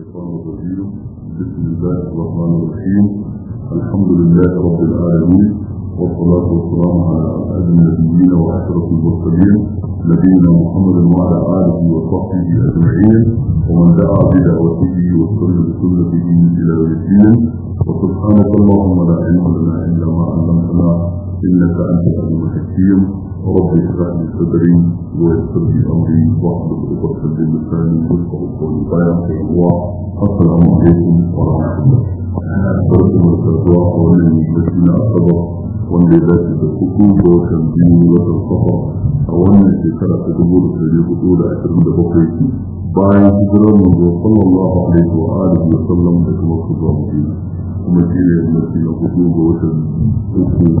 الشيطان الرجيم بسم الله الرحمن الرحيم الحمد لله رب العالمين والصلاة والسلام على أهل النبيين وأشرف المرسلين نبينا محمد وعلى آله وصحبه أجمعين ومن دعا بدعوته وسن بسنته إلى يوم الدين وسبحانك اللهم لا علم لنا إلا ما علمتنا إنك أنت أبو الحكيم رب إسرائي صدري ويسرني أمري وحد الأبر في اللسان يفقه القول بيان في الله السلام عليكم ورحمة الله أنا أسرت مرتضاء وللمسلمين أصدر وليلات الحكومة وشمدين وللصفر أولا في سنة قبول سيدي قدولة أحسن بفقيتي بعين سلام صلى الله عليه وآله وسلم لكم الله عليه وسلم ومسيري ومسيري قدولة وشمدين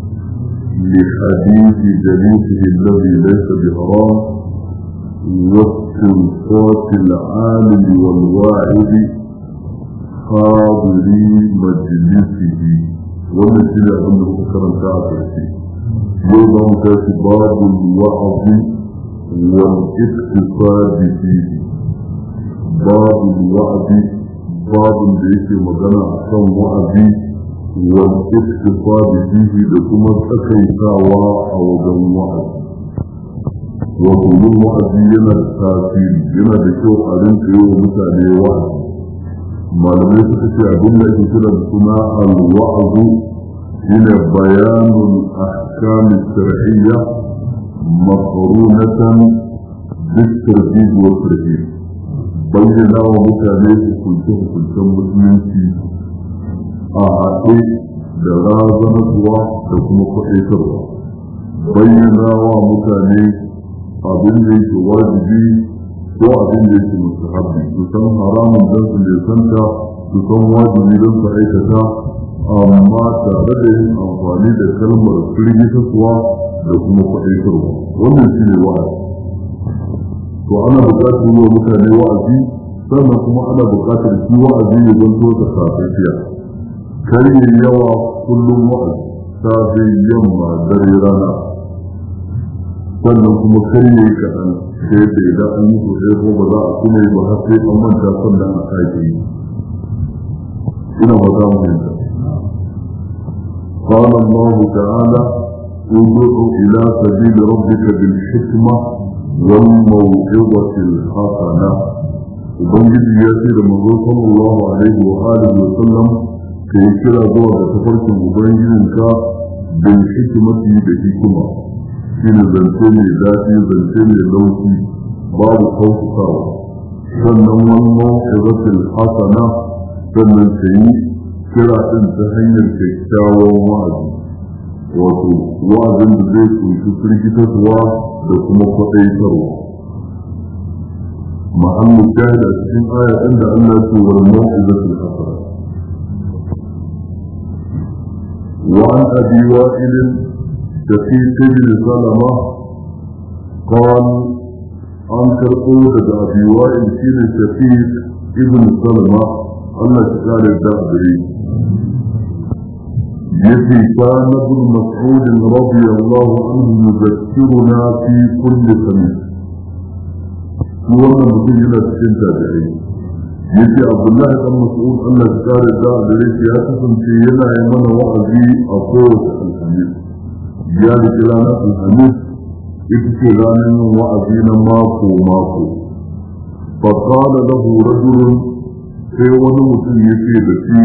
لحديث جليسه الذي ليس بهراه واستنصات العالم والواعد حاضري مجلسه والتي لأنه كرم كعبته يوضع تاتي الوعظ والاقتصاد فيه باب الوعظ باب ليس مدنع كم وعظي والاكتفاء به لكم تكيساوا أو دم وعد وقلوب وعد ينا التاثير ينا بشوء أذن كيو مثالي وعد ما لم يتكتع بنا كتلا بسنا الوعد هنا بيان الأحكام الشرعية مقرونة بالترتيب والترتيب بينا ومثالي كنتم كنتم مسلمين a haɗe da razanarwa da kuma kwaɗaitarwa bayyana wa mutane abin da yake wajibi ko abin da yake musu haɗi su san haramun don su santa, su san wajibi don su aikata amma tare da yin amfani da kalmar firgitarwa da kuma kwaɗaitarwa wannan shi ne wa'azi to ana buƙatar yi wa mutane wa'azi sannan kuma ana buƙatar shi wa'azi ya zanto da safiya kar yi yawa kullum wa'azi safe yamma dare rana sannan kuma kar yi kaɗan sai da idan an yi sosai ko ba za a kuma yi ba har sai an manta sannan a sake yi ina ba za mu yanta قال الله تعالى انظر إلى سبيل ربك بالحكمة والموعظة الحسنة وبنجد ياسير من صلى الله عليه وآله وسلم ka yi kira zuwa ga tafarkin ubangijinka bin hikimati da hikima shi ne zance mai daɗi zance mai lauki babu kautukawa sannan wannan ƙazatin hasana sannan ka yi kira ɗin ta hanyar kyakkyawan wa'azi wato wa'azin da zai kunshi firgitarwa da kuma kwaɗaitarwa محل الشاهد أسفين آية عند أن لا تورنا إذا الحسنة وعن أبي وائل شقيق بن سلمة قال عن كرقودة أبي وائل في شقيق ابن سلمة الله تعالى الدعبري يتي كان ابن مسعود رضي الله عنه يذكرنا في كل خميس وانا مدينة كنت تابعين yace abdullahi dan mas'ud Allah ya kare da dare ya kasance yana yi mana wa'azi a kowace alhamis ya da ranar alhamis ita ce ranar yin wa'azi na mako mako فقال له رجل في ونوت يسيبتي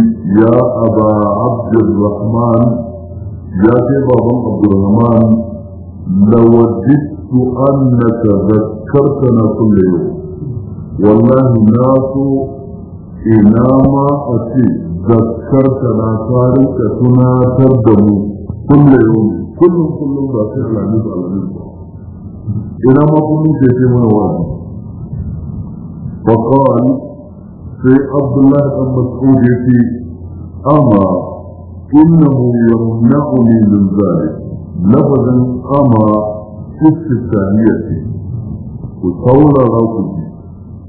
يا أبا عبد الرحمن يا بابا عبد الرحمن لوددت أنك ذكرتنا كل يوم والله ناس إنما أتي ذكرت ناصاري كتنا تردمو كل يوم كل كل يوم باتيح لعنيد على نفسه إنما كنو جيتي من واحد فقال في عبد الله بن مسعود يتي أما إنه يمنعني من ذلك لفظا أما في الثانية وثورة رأسه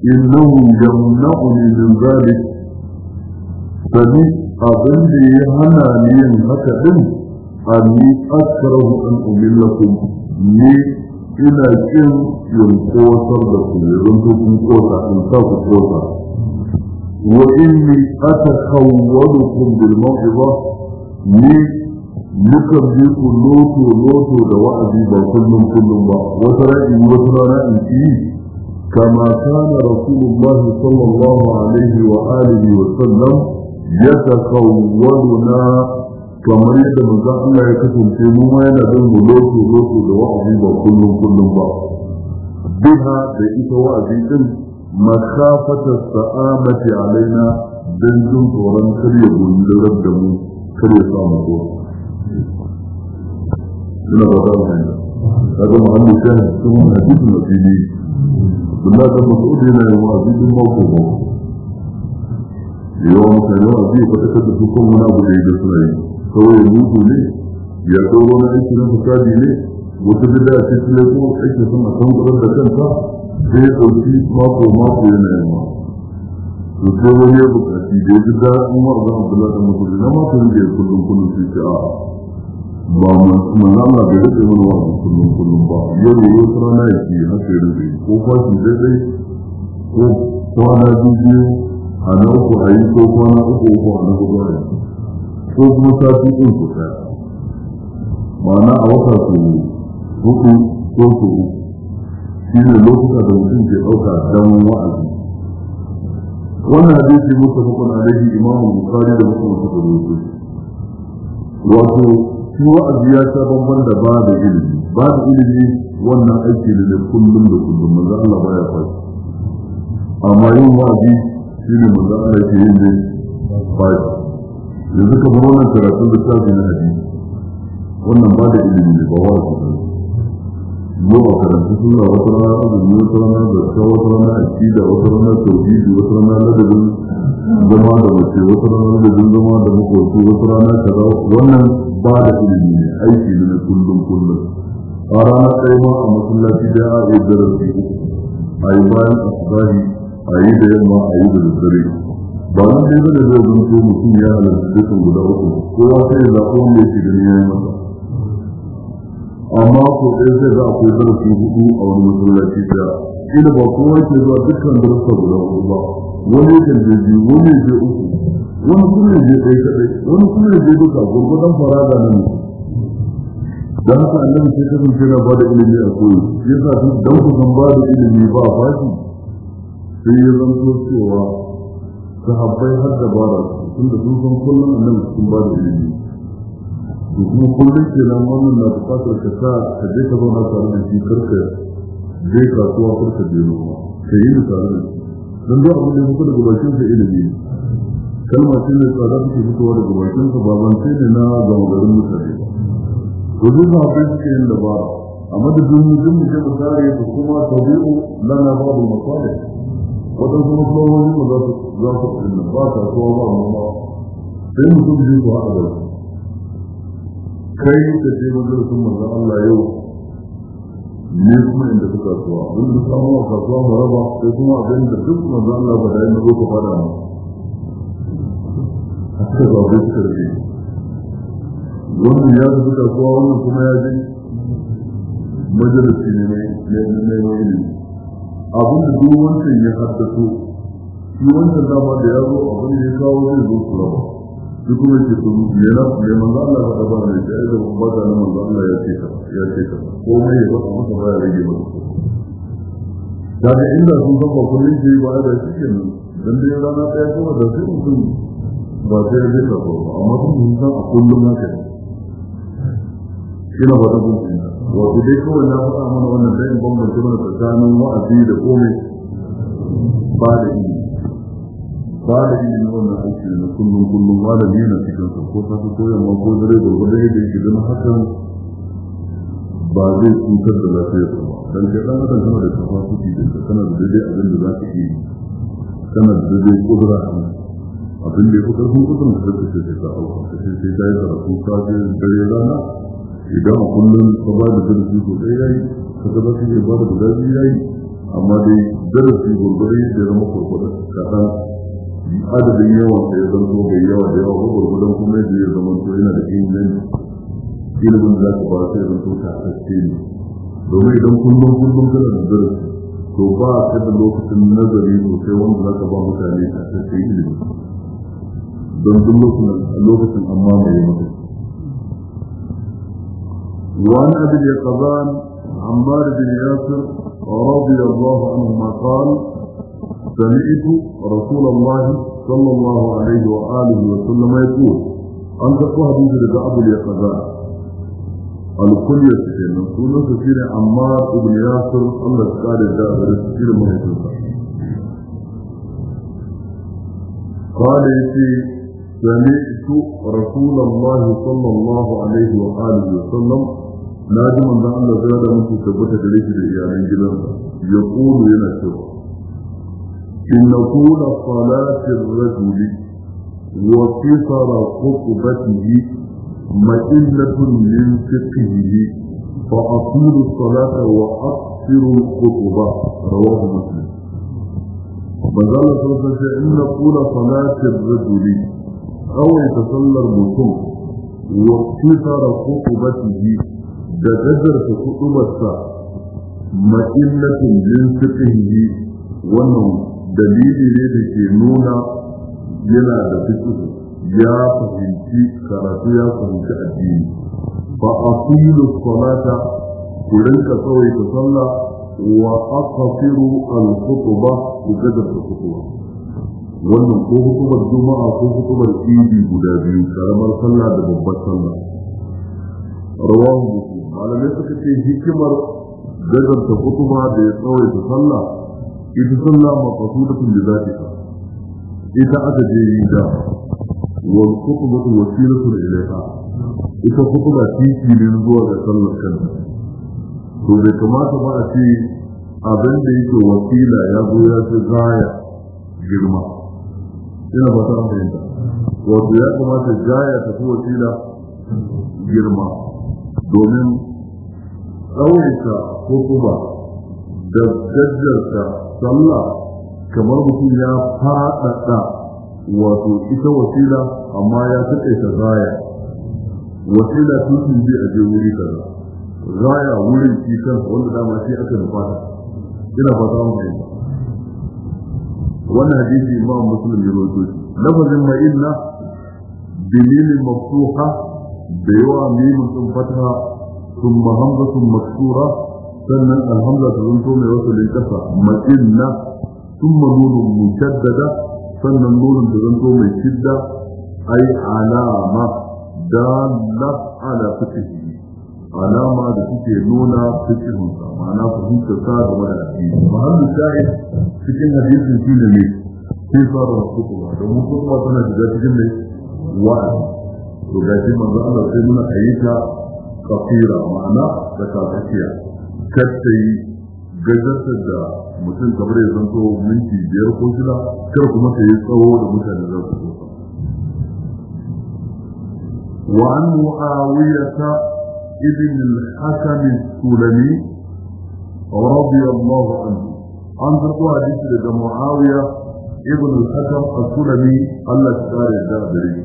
إنه يمنعني من ذلك فني أظن لي هنا لي هكذا أني أكره أن أملكم لي إلى كن ينقوى سردكم يرنتكم قوتا إنساك قوتا وإني أتخولكم بالموعظة لي mukan bi ku loto loto da wa'azi ba kullum kullum ba wata ra'ayi كما كان رسول الله صلى الله عليه وآله وسلم يتقولنا kamar yadda manzo Allah ya kasance mu ma yana bin mu loko loko da wa'azi ba kullum kullum ba biha da ita wa'azi din makafata sa'amati alaina dan jin tsoron karya gundurar da mu karya samu ko ina Abdullahi da Mas'ud yana yin mako ba. Yawa mutane wa'azi ya faɗakar da su kan wani abu da ya da suna yi. Kawai mutu ne, ya kawo wani aiki na fasadi ne, wata bida a cikin laifin aiki suna kan gudanar da kanta sai ya ɗauki mako mako yana To sai wani ya da ya ji daɗin wa'azin Abdullahi da na mako ya kullum kullum sai ce a'a. ba masu manzala da rike wani wa kullum kullum ba yau yau tsara na yake haka ya rike ko kwashi daidai ko kwana biyu a na uku a yi ko kwana uku ko a na hudu a ko kuma sati ɗin ku ɗaya ma'ana a wata su hudu ko su uku shi ne lokuta da mutum ke ɗauka don wa'azi wannan hadisi muka mukan alaihi imamu bukari da muka muka da wato shi wa'azi ya sha bamban da ba da ilimi ba da ilimi wannan aiki ne da kullum da kullum manzo Allah baya faɗi amma yin wa'azi shi ne manzo Allah ke yin ne faɗi yanzu kamar wannan karatun littafi na hadisi wannan ba da ilimi ne ba wa'azi ne yau a karanta suna wata rana azumi wata rana zarta wata rana akida wata rana tauhidi wata rana ladabin zama da mace wata rana ladabin zama da makoci wata rana kaza wannan ba da ilimi ne aiki ne na kullum kullum a ranar ɗaya ma a masallaci da ya yi darasi a yi bayan asibari a yi da yamma a yi da daddare ba na ɗaya ba da zai zanto mutum ya halarci dukkan guda uku kowa sai ya zaɓi wanda yake da niyan masa amma ko ɗaya sai za a kai darasi hudu a wani masallaci da ina ba kowa ke zuwa dukkan darasa guda uku ba wani yake da biyu wani yake uku wani kuma ne zai kadai wani kuma ne zai duka gurgudan farada na ne da haka annabi sai ta kunce na bada ilimi a koyi yasa duk dan ku san bada ilimi ba fashi sai ya zanto cewa sahabbai har da bara tunda sun san kullum annabi sun bada ilimi to kuma kullum nan wannan na bukatar ka sa ka je ka zauna tare da shi karka je kasuwa karka je noma ka yi da tare da don da abin da ya fito daga bakin sa ilimi Kalma shi ne tsada suke fitowa daga bakinsa ba ban sai da na gama garin mutane ba to duk ba ban suke yin dabara a madadin mutum da ke misali da kuma tabi'u lana babu masali wadan kuma kawai ba za su za su fi nan ba ta kowa ba amma sai mutum zai ku haɗa da kai da je majalisun manzon Allah yau ne kuma inda suka kasuwa wanda suka kasuwa mu raba sai kuma abin da duk manzon Allah ba da yin ko ka fada mu suka zaɓi suka rage wannan ya zaɓi kasuwa wannan kuma ya je majalisi ne na neman ne. abin da duk wancan ya haddato shi wancan dama da ya zo abin da ya kawo zai zo su raba shi kuma ke su yana ya manzo Allah ya faɗa ne sai da ba da manzo Allah ya ce ka ya ce ka ko mai ya ba ya rage maka daga inda sun san ba kullum sai ba da shi kenan dan dai rana kuma da sai mutum ba sai da bisa ko ba amma sun yi san a kullum na haka ne ba na wata gunki wato dai kawai na faɗa mana wannan dai in bambance mana tsakanin wa'azi da komai ba da ilimi ba da ilimi na wannan aiki na kullum kullum ba da ne na cikin sa ko safi ko yamma ko dare gwargwadon yadda yake zama hakan ba zai cutar da lafiyar ba dan ke dan adam kana da kafa kuɗi da kana da daidai abin da za ka iya kana da daidai kudura a abin da ya fi ƙarfin kudin da suka ce ta auka ta ce sai ta yi karatu ta je dare rana idan a kullum ta ba da darasi ko ɗaya yayi ka ga zaka iya ba da guda biyu yayi amma dai darasi gurgurai da zama kurkuɗa kaɗan adadin yawan da ya zanto bai yawa da yawa ko gurgudan kuma yadda ya zama to yana da inganci ilimin da za ka ba sai zanto ta haske ne domin idan kullum kullum kana da darasi to ba ka da lokacin nazari sosai wanda za ka ba mutane ta haske ilimi don duk lokacin amma mai mutum وعن أبي اليقظان عمار بن ياسر رضي الله عنهما قال سمعت رسول الله صلى الله عليه وآله وسلم يقول أن تقوى حديث أبو اليقظان الكلية سكينة سنة سكينة عمار بن ياسر الله تعالى جاء سكينة من قال يسير سمعت رسول الله صلى الله عليه وآله وسلم نادم أن الله زاد منك ثبتة ليس لإيالين يقول لنا سوى إن طول صلاة الرجل وقصر خطبته مئلة من فقهه فأطول الصلاة وأقصر الخطبة رواه مسلم وقال صلى الله عليه وسلم إن طول صلاة الرجل tsawaita sallar mutum wa kisara kuɗubatihi da gajarta kuɗubarsa ma'illatin jin yi wannan dalili ne da ke nuna yana da fiƙihi ya fahimci karatu ya fahimci addini fa asilu salata ku rinka tsawaita sallah wa aqsiru al-khutbah ku gajarta khutbah wannan ko hukumar juma'a ko hukumar idi guda biyu karamar sallah da babbar sallah rawahu muslim malamai suka ce hikimar gazarta hukuma da ya tsawaita sallah ita sallah ma maqsudatun li zatika ita aka je yi da wal khutbatu wasilatun ilayha ita khutba titi ne zuwa ga sallar kanta to bai kamata ba a ce abin da yake wasila ya zo ya fi gaya girma ina ba ta fahimta wato ya kamata jaya ta fi wasila girma domin tsawaita ko kuma da jajjarta sallah kamar mutum ya faɗaɗa wato ita wasila amma ya taƙaita zaya wasila tutun bi a je wuri kaza zaya wurin shi kansa wanda dama shi aka nufata ina ba fata mu ne wannan hadisi ma muslim ya rawaito shi lafazin ma'inna dalilin mafsuha da yawa mimin sun fataha ثم همزة wasu ثم الهمزة تنتم يوصل للكسر مئنة ثم نون مشددة ثم نون تنتم شدة أي علامة دالة ala فتحه alama da suke nuna fikihunsa ma'ana fahimtar sa da wani addini mahallu sha'id cikin hadisin shi ne ne sai fara wasu kuma domin kuma tana shiga cikin ne wa'azi to ga shi manzo Allah sai nuna ayyuka kafira ma'ana da kafafiya kar ta yi gajartar da mutum kamar ya zanto minti biyar ko shida kar kuma ta yi tsawo da mutane za su zo وعن معاوية ابن الحكم السلمي رضي الله عنه أنظروا حديث لدى معاوية ابن الحكم السلمي الله تعالى الدابري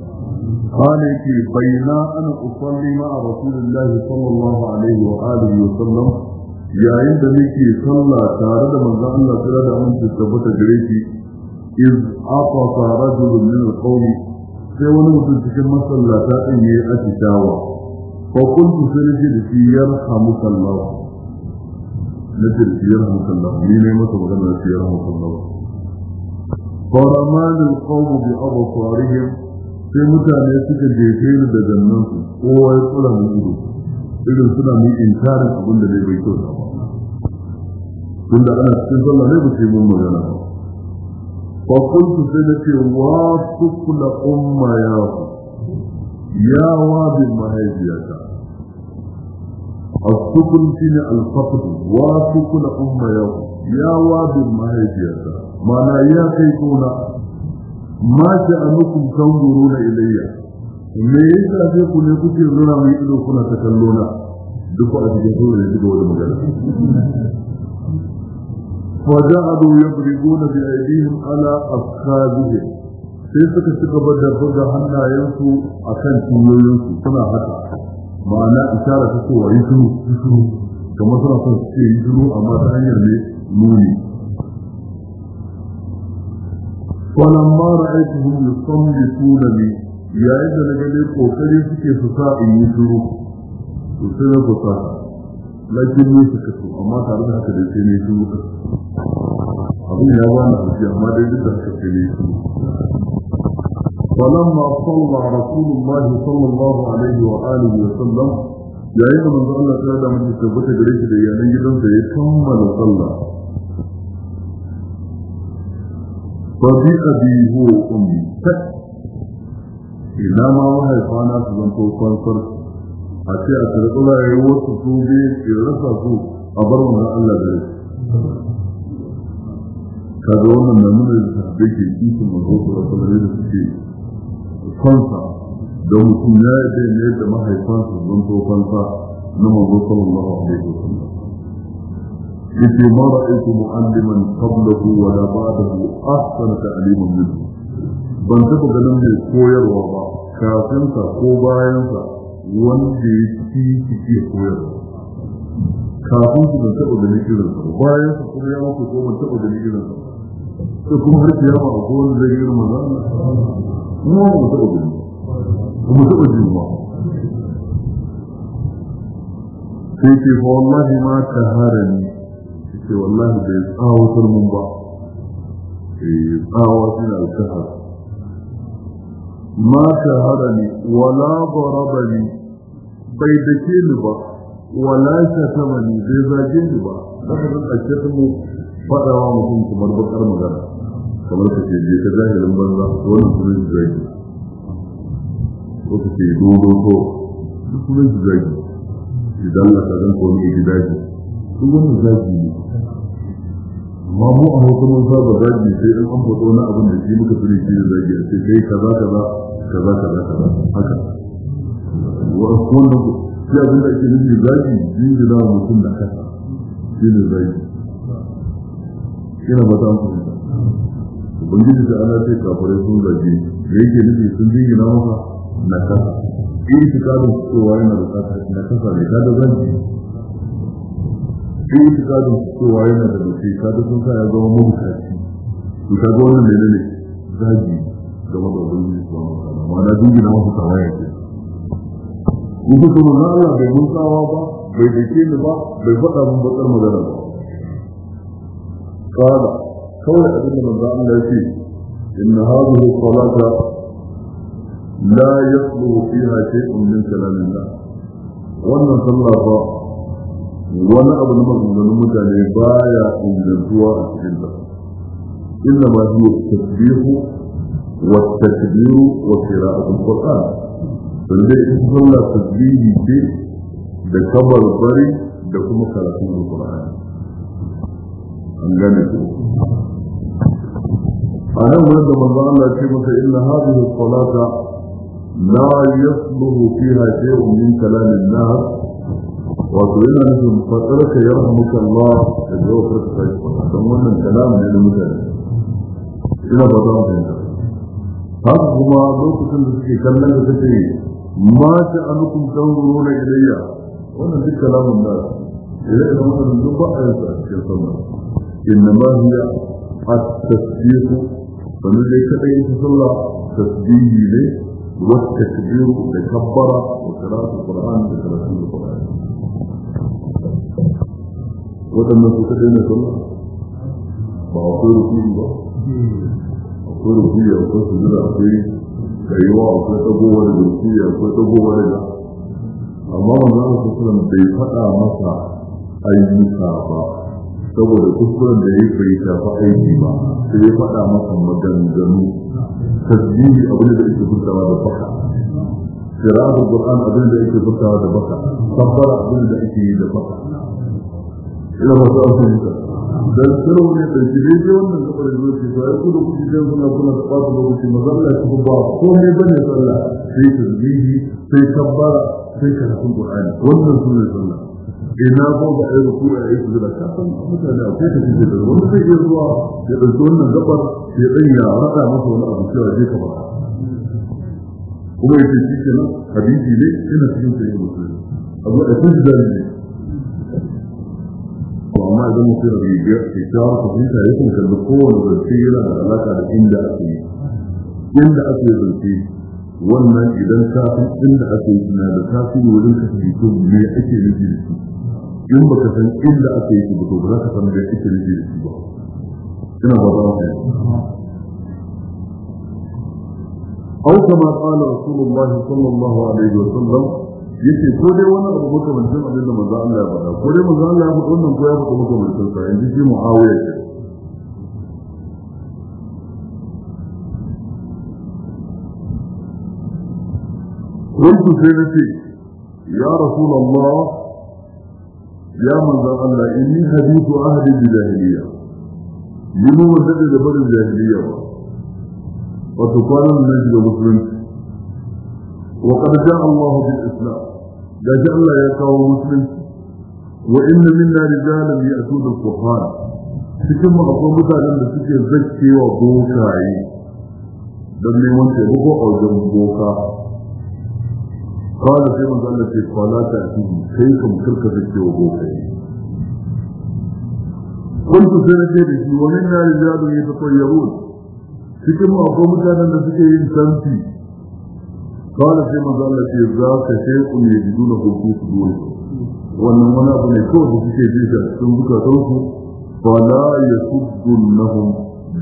قال كي بينا أنا أصلي مع رسول الله صلى الله عليه وآله وسلم يا عند ميكي صلى تارد من ذا الله تعالى من تثبت جريتي إذ أطف رجل من القوم sai wani mutum cikin masallata ɗin ya yi atishawa فقلت سنجد في يرحمك الله نجد في يرحمك الله مين يمسك مغنى في يرحمك الله فرمان القوم بأبصارهم sai mutane suka jefe ni da zannansu kowa ya tsula mu gudu irin suna mu inkarin abin da zai bai kyau tun da ana cikin sallah zai bace mun magana umma ya yawa bin mahaifiyata السكن yawa? الفقد وسكن أم يوم يا واد المهيجية ما لا يقيتون ما شأنكم na ilayya me yasa sai ku ne kuke nuna mai ido kuna ta kallo na duk a cikin su ne duk wani magana fa ja'alu yabriguna bi aydihim ala afkhadihim sai suka suka gaba da buga hannayensu a kan tuyoyinsu suna haka ma'ana isara ta cewa yi shiru yi shiru kamar suna son su ce yi shiru amma ta hanyar ne nuni falamma ra'aytuhum yusammituna bi yayin da na gani kokari suke su sa in yi shiru su sai na kusa lakin ne su so amma tare da haka da ke ne shiru abin ya ba na amma dai duk da haka sai ne shiru ولما صلى رسول الله صلى الله عليه وآله وسلم yayin da manzo Allah ta da mun tabbata gare shi da yanan gidan da ya kammala sallah fa bi abi huwa ummi ta ina ma wahai su zan to kwansar a ce a tarkula ya yi wasu su bi ya rasa su a bar manzo Allah da ke da fansa da mutum ya yi ne da mahaifansa zan to fansa na manzo sallallahu alaihi wa sallam yace ma ra'aytu mu'alliman qablahu wa la ba'dahu ahsana ta'liman minhu ban taɓa ganin mai koyarwa ba kafinsa ko bayansa wanda ya ci cike koyarwa kafin su ban taɓa ganin irinsa bayansa kuma ya mutu ko ban taɓa ganin irinsa sai kuma har kiyama a kowane zai irin maza mu ba mu taɓa gani ba mu taɓa jin ba sai ce fa wallahi ma ta hara ni ce wallahi bai tsawatar mun ba eh tsawa shi na alkahar ma ta hara ni wala baraba ni bai dake ni ba wala shatama ni bai zage ni ba da kan a ce mu faɗawa mutum kamar bakar magana kamar ka ce je ka jahilin banza wani kuma shi zagi ko ka ce dodo ko Kuma sunan shi zagi idan na ka zan komi ya daji duk wannan zagi ne amma mu a hukumar mun saba zagi sai in an fito na abin da shi muka sani shi ne zagi a ce kai kaza kaza kaza kaza kaza haka wasu wannan shi abin da ake nufi zagi jinjina mutum da kasa shi ne zagi ina ba ta amfani ubangiji da ana ce kafirai sun zage da yake nufi sun jingina maka na kasa in su kadin su cewa yana da kasa na kasa ne ka da zage in su kadin su cewa yana da doke ka da sun kaya ya zama mabukaci su ka ga wannan menene zage game da ubangiji su wani kana ma na jingina maka ya ce in su kuma na Allah bai musawa ba bai dake ni ba bai faɗa mun bakar magana ba kawai abin da manzo Allah ya ce inna hadhihi salata la yaqulu fiha shay'un min kalamillah wannan sallah ba wani abu na maganganun mutane baya ingantuwa a cikin ta inna ma hiya tasbihu wa takbiru wa qira'atul qur'an lalle in sallah tasbihi ce da kabar bari da kuma karatun alqur'ani an gane ku a nan wurin da manzo Allah ce masa inna hadhihi salata la yasluhu fiha shay'un min kalamin nas wato yana nufin fatarka ya rahmuka Allah da zo ka sai don wannan kalamin ne mutane ina ba za mu fahimta haka kuma lokacin da suke kallon da take ma ta a a cikin إنما هي التسبيح domin dai kadai ita sallah tasbihi ne wata kabiru da kabbara da karatu qur'an da karatu da qur'an wadannan su kadai ne sallah ba akwai rufi ba akwai rukuni akwai sujuda akwai kaiwa akwai tagowa da rukuni akwai tagowa da amma wannan su sallah bai faɗa masa ayyuka ba saboda kuskuren da ya bai shafa aiki ba sai ya faɗa masa maganganu tasbihi abin da yake furtawa da baka qira'atul qur'an abin da yake furtawa da baka sabbara abin da yake yi da baka ina ba ta san ka dan tsaro ne da jide ne wannan kabar da yake ba ya kudu kudi dan kuna kuna da ba kuma mazalla ku ba ko ne bane sallah sai tasbihi sai sabbara sai karatun qur'ani wannan sunan sallah ina eh, ko ga ai ruku a yi zuwa ka san mutane akwai ta cikin da wanda zai iya zuwa ya dauki wannan gabar ya dan ya rada masa wani abu cewa je ka faɗa kuma yace shi kenan Habibi ne ina cikin sai musulmi abu da kun da ne amma idan mutum da ya kyawar fahimta ya kan kalli kowane zance yana da alaka da inda ake yi inda ake zance wannan idan kafin inda ake yi na da tasiri wajen kasance me ake nufi da shi in baka san inda aka yi ba to ba za ka san da ake nufi da shi ba ina ba za ka yi أو كما قال رسول الله صلى الله عليه وسلم yace ko dai wani abu makamancin abin da manzo Allah ya faɗa ko dai manzo Allah ya faɗa wannan ko ya faɗa makamancin sa yanzu shi Muawiya ce قلت سيدتي يا رسول الله ya manzan Allah inni hadithu ahadin da jahiliya yi mu wadda da barin jahiliya ba wato kwanan nan shiga musulunci wa qad ja'a Allahu islam da ji Allah ya kawo musulunci wa inna minna rijalan ya'tuna al-qur'an cikin akwai mutanen da suke zakkewa bokaye don neman a wajen boka قال في من قال في قال تأتيه كيف مكرك في الجواب قلت سنجد ومنا رجال يتطيرون cikin akwai mutanen da suke yin santi kawai sai manzo Allah ce za ka sai ku ne jidu na hukuku su dole wannan wani abu ne kawai da suke ji da sun buka sauku ba la ya suddun nahum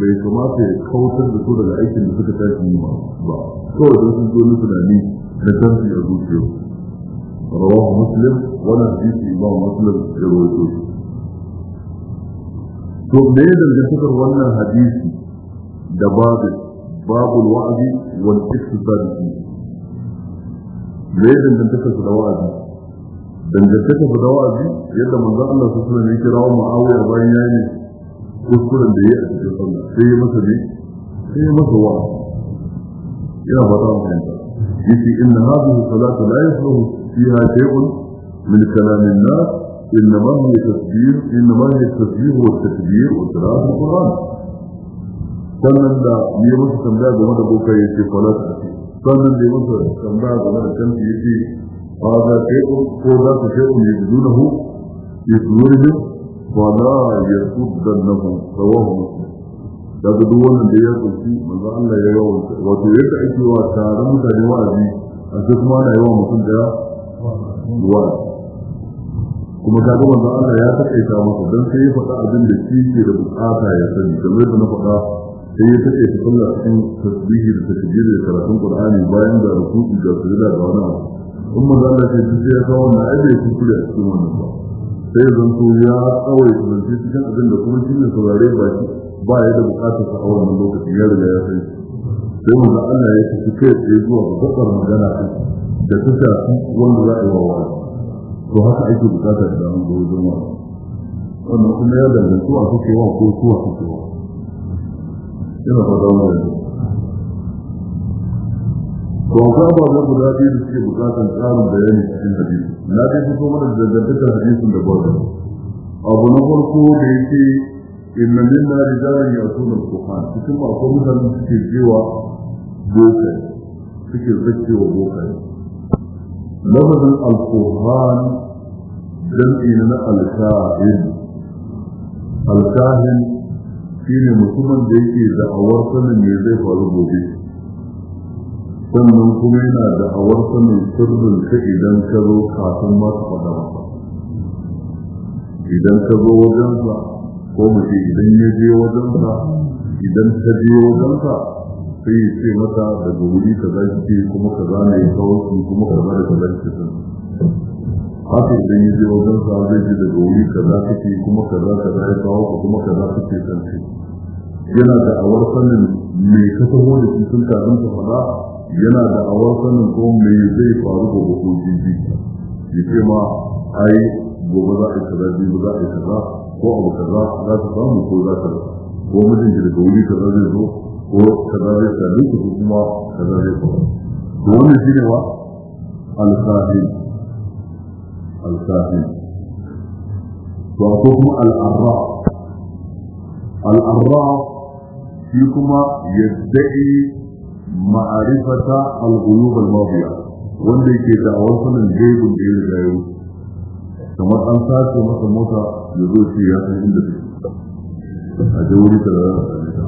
bai kamata ya kautar da su daga aikin da suka tashi yi ba kawai da sun لتنفي أبوكيو رواه مسلم ولا حديث إمام مسلم يرويته ثم ليه لم ولا حديث دباب باب الوعد والاقتصاد فيه ليه لم تكن الوعد dangantaka da dawazi yadda manzo Allah su suna ne kira wa Muawiya bayan yayi ne kuskuren da ya a cikin sallah sai ya masa ne sai ya masa wa ina ba ta mu يجي إن هذه الصلاة لا يفهم فيها شيء من كلام الناس إنما هي تسبيح إنما هي التسبيح والتكبير وقراءة القرآن sannan da ne musu tambaya game da boka ya ce salat a ce sannan da musu tambaya game da kanti ya ce a za ta yi ko za ta ce ya ji nuna hu ya zuwa ya ba za a yi su dan nahu rawahu muslim daga duk wannan da ya kunshi manzo Allah ya yawa wato yadda ake wa taron mutane wa'azi a sai kuma ana yawa mutum da wa'azi kuma ta ga manzo Allah ya takaita masa dan sai ya faɗa abin da shi ke da bukata ya sani kamar da na faɗa sai ya take ta kulla cikin tasbihi da takbir da karatun Qur'ani bayan da ruku'i da sujada da wani abu in manzo Allah ke ce ya kawo na ai bai kuskure a cikin wannan ba sai zanto ya tsawai zance cikin abin da kuma shi ne saurare ba shi ba ya da bukatar sa a wannan lokacin ya riga ya sai sai mu ga Allah ya tafi kai tsaye zuwa ga gabar magana ta da ta shafi wanda za a yi wa wa to haka ake bukata da an zo wajen wa wannan kuma ya dangantu a kuke wa ko kuwa kuke wa ina fata wannan to ga ba da guda biyu da suke bukatan tsarin bayani cikin hadisi na dai fito mana da dangantakar hadisin da ba abu na farko da yake inna minna rijalan ya'tuna al-quran cikin ma ko mutane suke jewa bokai suke zakkewa bokai lafazin al-quran jam'i na al-kahin al-kahin shine mutumin da yake da'awar zai faru gobe sannan kuma yana da sanin sirrin ka idan ka zo kafin masu ta faɗa idan ka zo wajensa ko mu ce idan ya je wajen sa idan ta je wajen sa sai ya ce mata daga wuri ka za ki kuma ka za na yi kawai kuma ka za da ka za ki ta haka idan ya je wajen sa zai ce daga wuri ka za ka ce kuma ka za ka za ya kawo kuma ka za ka ce yana da awar sanin mai ka taho da shi sun tarin ta faɗa yana da awar sanin ko mai zai faru gobe ko jiji ya ce ma ai gobe za a yi kaza jibi za a yi kaza ko abu kaza za ta samu ko za ta rasa ko mijinki daga wuri kaza zai zo ko kaza zai sami ko kuma kaza zai faru to wannan shi ne wa alkahin alkahin to akwai kuma al'arra al'arra shi kuma yadda'i ma'arifata al-ghuyub al-madiya wanda yake da awasalin gaibun da ya kamar an sace masa mota ya zo ce ya san inda take a je wuri ka da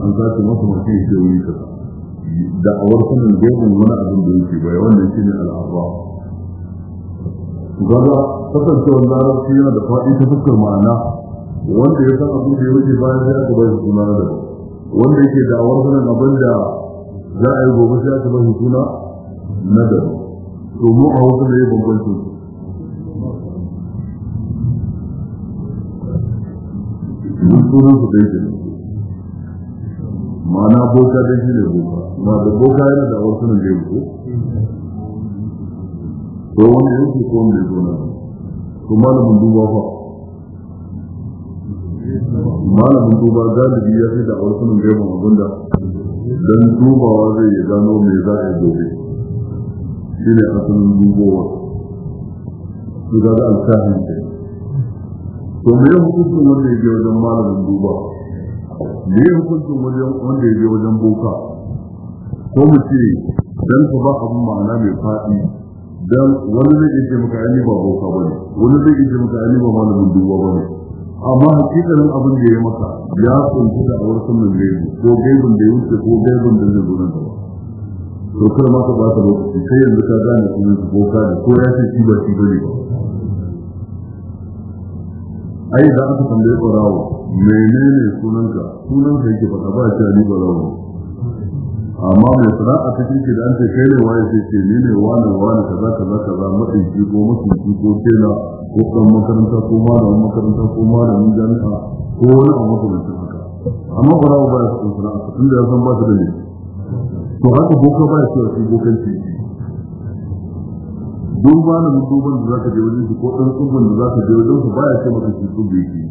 an sace masa mutum ya je wuri ta. da a warkun da gefen wani abin da yake bai wannan shi ne al'arwa gaza kasancewar larabci yana da faɗi ta fuskar ma'ana wanda ya san abin da ya wuce bayan sai aka bai suna da wanda yake da a warkunan abin da za a yi gobe sai aka bai suna na da to mu a wasu ne ya bambanta. su sunan su dai kenan ma'ana boka dai shi ne boka ma da boka yana da wasu ne dai ko ko wani yake ko wanda ya zona ko malamin duba fa malamin duba galibi ya fi da wasu ne dai abinda dan dubawa zai ya gano me za a yi gobe shi ne asalin dubowa su ga da alkahin kenan to me hukuncin wanda ya je wajen malamin duba me hukuncin wanda ya je wajen boka ko mu ce dan ku ba abin ma'ana mai faɗi dan wani zai ce maka ani ba boka ba ne, wani zai ce maka ani ba malamin duba ba ne. amma hakikanin abin da ya maka ya kunshi da awar sunan gaibu ko gaibun da ya wuce ko gaibun da zai gurin gaba to kar ma ka ba ta lokaci sai yanzu ka gane sunan boka da ko ya ce shi ba shi bane ba ai da aka tambaye barawo menene sunanka sunanka yake faɗa ba ta ni barawo amma mai a cikin kirki da an ce kai ne waye sai ce ni ne wani wani kaza kaza kaza maɗaiki ko masunci ko tela ko kan makaranta ko malamin makaranta ko malamin jami'a ko wani abu makamancin haka amma barawo ba ya sana'a tun da ya san ba su da ne to haka boka ba ya cewa shi bokan titi duk ba na mutuban da zaka je wajen su ko ɗan tsugun da za zaka je wajen ba ya ce maka shi tsugu yake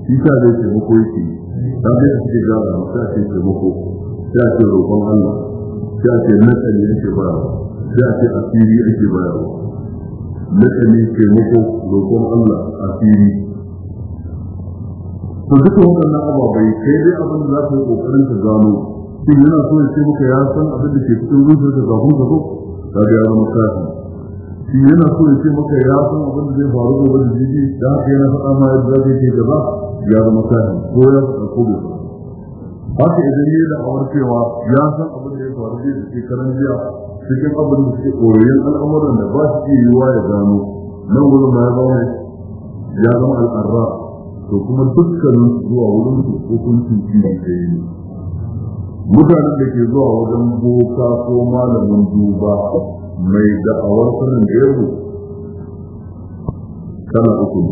ya ce maka shi ta zai ce mako yake dan da suke gara ta ce ce mako ta ce roƙon Allah ta ce nasali yake bayarwa ta ce asiri yake bayarwa nasali ke mako roƙon Allah asiri to duka waɗannan ababai sai dai abin da za ka yi ƙoƙarin ka gano shin yana so ya ce maka ya san abin da ke cikin zuciyarka kafin ka zo ka ga ya zama kafin yana so ya ce maka ya san abin da zai faru gobe da jiki da haka yana faɗa ma yadda zai ke gaba ya zama kafin ko ya faɗa ko bai faɗa haka idan ya yi da'awar cewa ya san abin da ya faru zai da shekaran jiya cikin abin da suke koyoyin al'amuran da ba su iya yiwuwa ya gano nan wurin ma ya zama ya zama al'arra to kuma dukkanin zuwa wurin su hukuncin shi ne ɗaya ne mutanen da ke zuwa wajen boka ko malamin duba mai da'awar sanin gaibu kana uku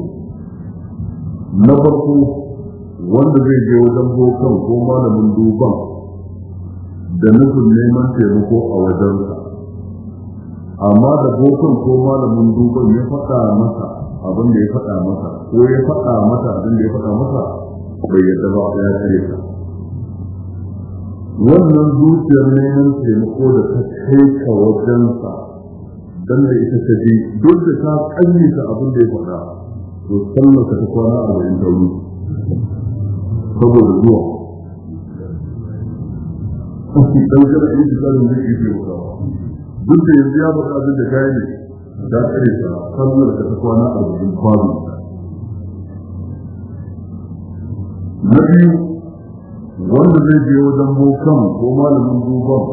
na farko wanda zai je wajen bokan ko malamin duban da nufin neman taimako a wajensa amma da bokan ko malamin duban ya faɗa masa abin da ya faɗa masa ko ya faɗa masa abin da ya faɗa masa bai yadda ba ya ce ka wannan zuciyar neman taimako da ta kaita wajensa don da ita ta je duk da ta ta abin da ya faɗa to sallar ta kwana a bayan tauri saboda zuwa kashi ɗaukar a yi tsarin da ke ke wadawa duk da yanzu ya faɗa abin da gaya ne ta tsare ta sallar ta kwana a bayan kwano na biyu wanda zai je wajen bokan ko malamin duban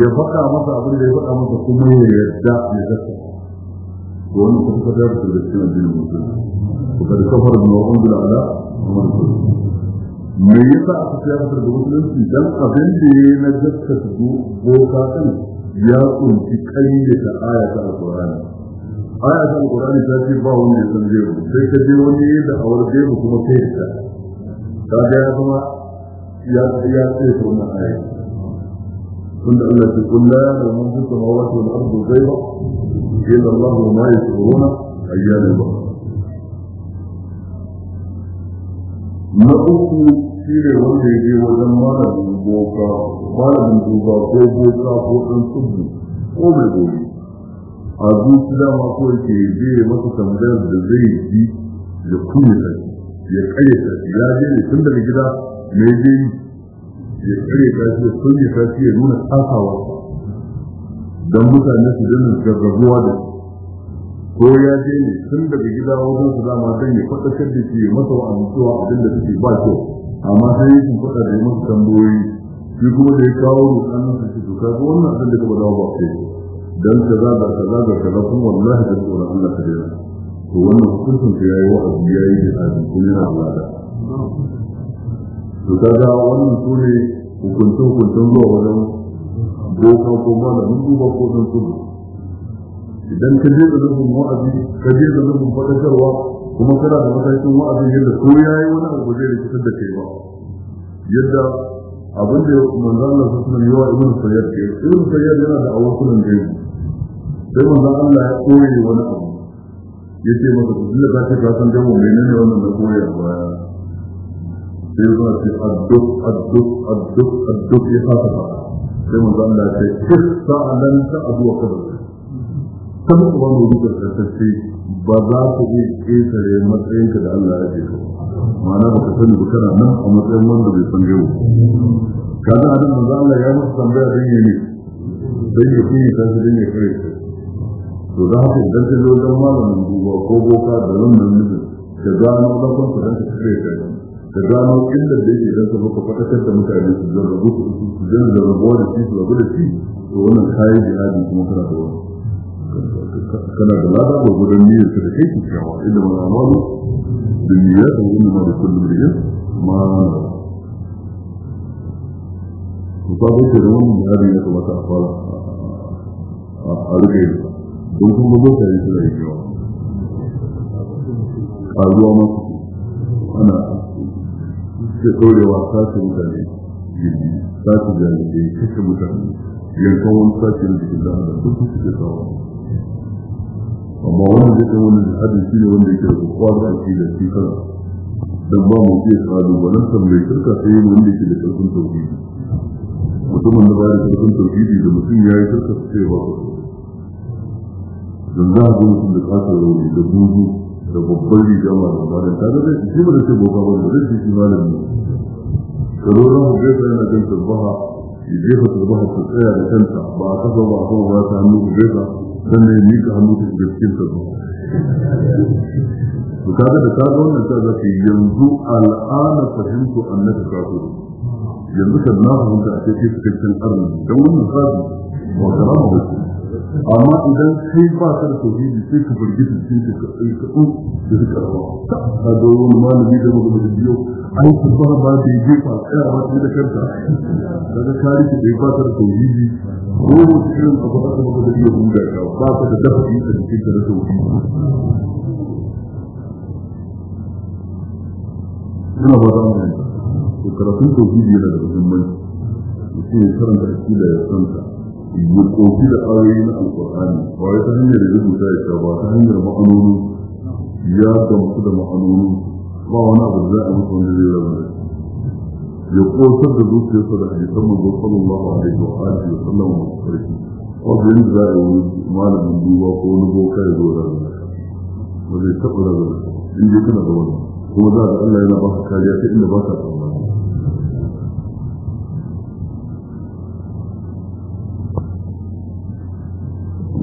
ya faɗa masa abin da ya faɗa masa kuma ya yarda ya zaka ko wani kuma ka da su da cikin addinin musulmi ko kada kafar da wani bila ala kuma da su me yasa aka kai tsaya da musulunci dan abin da ya na zakka su boka kan ya kunci kai da ayata alqur'ani ayata alqur'ani ta ce ba wanda ya san zai sai ka je wani da aure zai kuma kai ta kaga ya zama ya ya tsaye ta wannan aya kun da Allah ce kun la wa man fi samawati wal ardi ghaiba illa Allah wa ma yashuruna ayyana ba na uku shi ne wanda ya wajen malamin boka malamin duba ko boka ɗan tsubu ko gobe a zuci dama masa tambayar da zai kuma ya tun daga gida me yake yi ya tsare ta shi ya kulle ta shi ya nuna kasawa don mutane su dana gargaguwa da ko ya je ne tun daga gida wajen su zama don ya faɗakar da ke masa wa amincewa abin da suke ba kyau amma sai yi sun faɗa da yi masa tambayoyi shi kuma da ya kawo rukanin su shi to kaga wannan abin da ka ba dawo ba kai dan kaza da kaza da kaza kuma wallahi da tsoron Allah ta dena to wannan hukuncin ya yi wa'azi ya yi da kuma yana Allah da to kaga wannan su ne hukuncin hukuncin zuwa wajen boka ko malamin duba ko dan tudu idan ka je da nufin wa'azi ka je da nufin faɗakarwa kuma kana da matakin wa'azi yadda ko ya yi wani abu zai rikitar da kai ba yadda abin da manzo Allah su sunan yawa ibn sayyid ke ibn sayyid yana da awukulan gaibi sai manzo Allah ya koyi wani abu yace masa duk da ka ce ka san dan mu menene wannan da koyi a sai zuwa ce adduk adduk adduk adduk ya fata fata sai mun zan da ce kis sa'alan ta abu wa kadar ta muku ban gobe da tsarkace ba za ku iya ƙetare matsayinka da Allah ya ce ma'ana ba ka sani ba kana nan a matsayin wanda bai san yau kaga a nan manzo Allah ya musu tambaya dan yi ne dan ya kuma ta shi dan ya kare to da haka idan ka zo dan malamin duba ko boka da wannan mutum ka gano dan ka dan ka kare kai da gano illar da yake zan sabo ka fatakar da mutane su zarrabu su su zan zarrabuwa da shi su rabu da shi to wannan kayan jihadi kuma kana da wani kana da lada da gudun niyyar ka da kai ki kyawa inda ma amalu da niyyar da wani ma da kullum da yin ma ku ka bude da wannan jihadi ya kamata a fara a rike don kuma mutane suna yi kyawa ƙaruwa masu ana suke ɗorewa sashi mutane gindi sashi jami'ai kashe mutane da ke da suke kawo amma wannan zai shi ne wanda yake da kwakwa da shi da shi don ba mu mai shirka sai wanda yake da ƙarfin tauhidi mutumin da ba da ƙarfin tauhidi da mutum ya yi shirka sai ba ku za a mutum da ƙasar rauni da buzu da babban riga ma ba da tare da shi ba da ce boka ba da zai shi malami karo ran mu gaisa yana kan tabbaha ya jefa tabbaha ta tsaya da kanta ba a kasa ba a kuma ba ta hannu ku gaisa sannan ya miƙa hannu ta shiga cikin tabbaha to kaga da ka ga wannan ta zaka yanzu al'ana fahimtu annaka kafir yanzu kan na fahimta a cikin cikakken arziki don wannan sabi wa karama bakin amma idan kai ba ka da tauhidi sai ka cikin ka kai ka ku da ka rawa ka ga wani malami da wani da biyo an ku ba ba da yake fa tsaya ba da kanka daga kare ki bai ba ka da tauhidi ko irin abu da kuma da biyo mun ga ba ka da dafi a cikin da tauhidi ina ba da mun ko karatun tauhidi yana da muhimmanci mutum ya karanta akida ya santa ya da ayoyi na alkur'ani ba wai ta hanyar rubuta ya sha ba ta hanyar ma'anoni ya gamsu da ma'anoni ba wani abu za a mutu wanda zai rabu da ya kosar da zuciyarsa da hadisan manzo sallallahu alaihi wa alihi wa sallam wa sarki yanzu za a yi malamin duba ko wani boka ya zo da ba zai taɓa rabu da in dai kana da wani kuma za a ga Allah yana ba ka kariya ta inda ba ka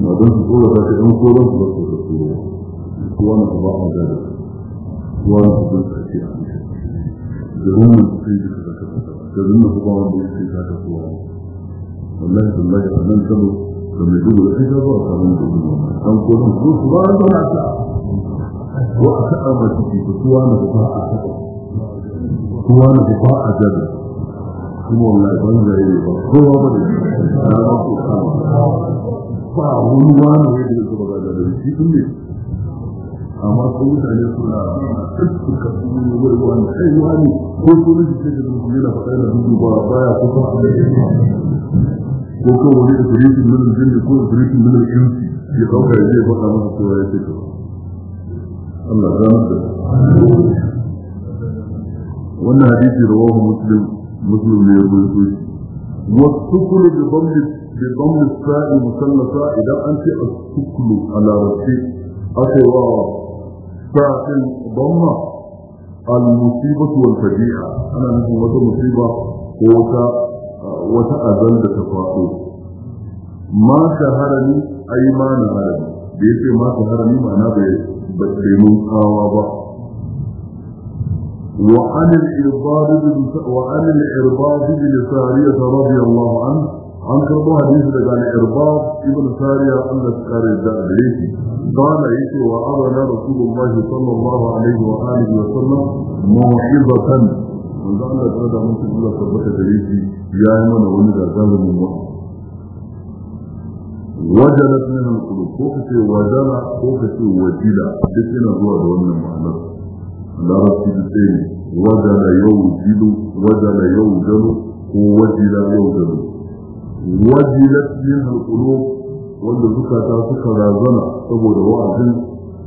ma don su ta ce ɗan tsoron su zai tsoro tsoro ba su wani su ba a gada su wani su zai tsaki a kusa da wani su sai su ta kasa da wani su ba wani su sai ta kasa wani wallahi wallahi a nan tabo da mai dubu da ita ba a samu da wani ba ɗan tsoron su su ba a gada ta ko a ta ɗan wasu ke su wani su ba a gada su wani su ba a gada kuma wallahi ban zai yi ba kowa ba da shi a ranar ko kama ba wani wani yadda ya zuba da da shi tun ne amma ko mutane suna suka kuma wai wani ai wani ko ko ne shi da mutum yana faɗa da dudu ba baya ko ba ko ko wani da tarihi min jinni ko tarihi min insi ya dauka ya zai faɗa masa cewa ya ce to Allah ya rahmata wannan hadisi rawahu muslim muslim ne ya rubuto shi wa sukulu bi dhammi bi dhammi sa'i idan an ce as-suklu a larabci ake wa sa'in dhamma al-musibatu wal ana nufin wata musiba ko wata wata da ta faɗo ma shaharani ai ma ma وعن الإرباد بن رضي الله عنه an karbo hadisi daga na irbab ibn sariya Allah ya kare da gare shi kana yake wa abana rasulullahi sallallahu alaihi wa alihi wa sallam mawqizatan wanda Allah ya da mun Allah tabbata gare shi ya yi mana wani gagarumin wa wajalat min al-qulub ko kace wajala ko kace wajila duk yana zuwa da wannan ma'anar ko wajilat min alqulub wanda zukata suka razana saboda wa'azin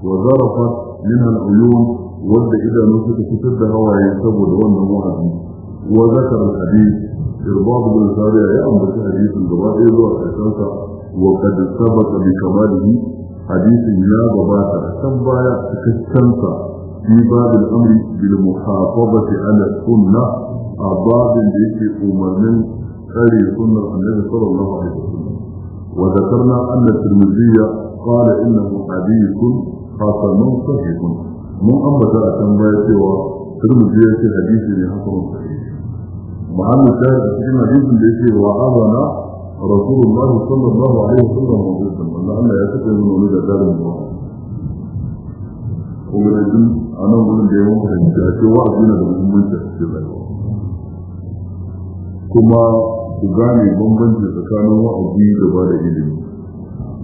wa zarafat min aluyun wanda idanu suka fitar da hawaye saboda wannan wa'azi wa zakara alhadith irbab bin sariya ya ambaci hadisin gaba ɗaya zuwa ƙarshensa wa qad sabaqa bi kamalihi hadisin ya gabata kan baya cikakkensa في باب الأمر بالمحافظة على السنة أباب الذي أمر من هذه سنة النبي صلى الله عليه وسلم وذكرنا أن الترمذي قال إنه حديث من صحيح من أنبت أتنبأ سوى ترمذي في حديث حسن صحيح محل الشاهد في حديث ليسي وعظنا رسول الله صلى الله عليه وسلم وسلم لأن يتكلم من ولد دار الله ومن الجن أنا أقول لي أن فهمت أشياء وعدنا لهم من تحسيبه kuma ku gane bambanci tsakanin wa'azi da ba da ilimi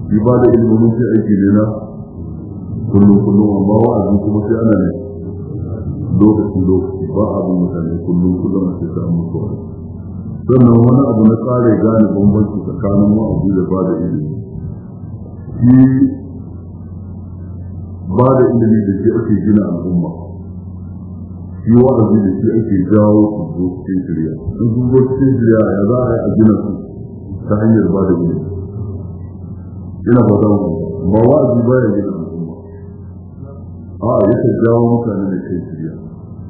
shi ba da ilimi mun sai aiki ne na kullum kullum amma wa'azi kuma sai ana ne lokaci lokaci ba abin mutane kullum kullum a sai samu kawai sannan wani abu na tsare gane bambanci tsakanin wa'azi da ba da ilimi shi ba da ilimi da shi ake gina al'umma shi wa'azi da shi ake jawo su zo cikin shirya in sun zo cikin shirya ya za a yi a gina su ta hanyar ba da gina ina ba za ku ba wa'azi ba ya gina al'umma a a yakan jawo mutane da kai shirya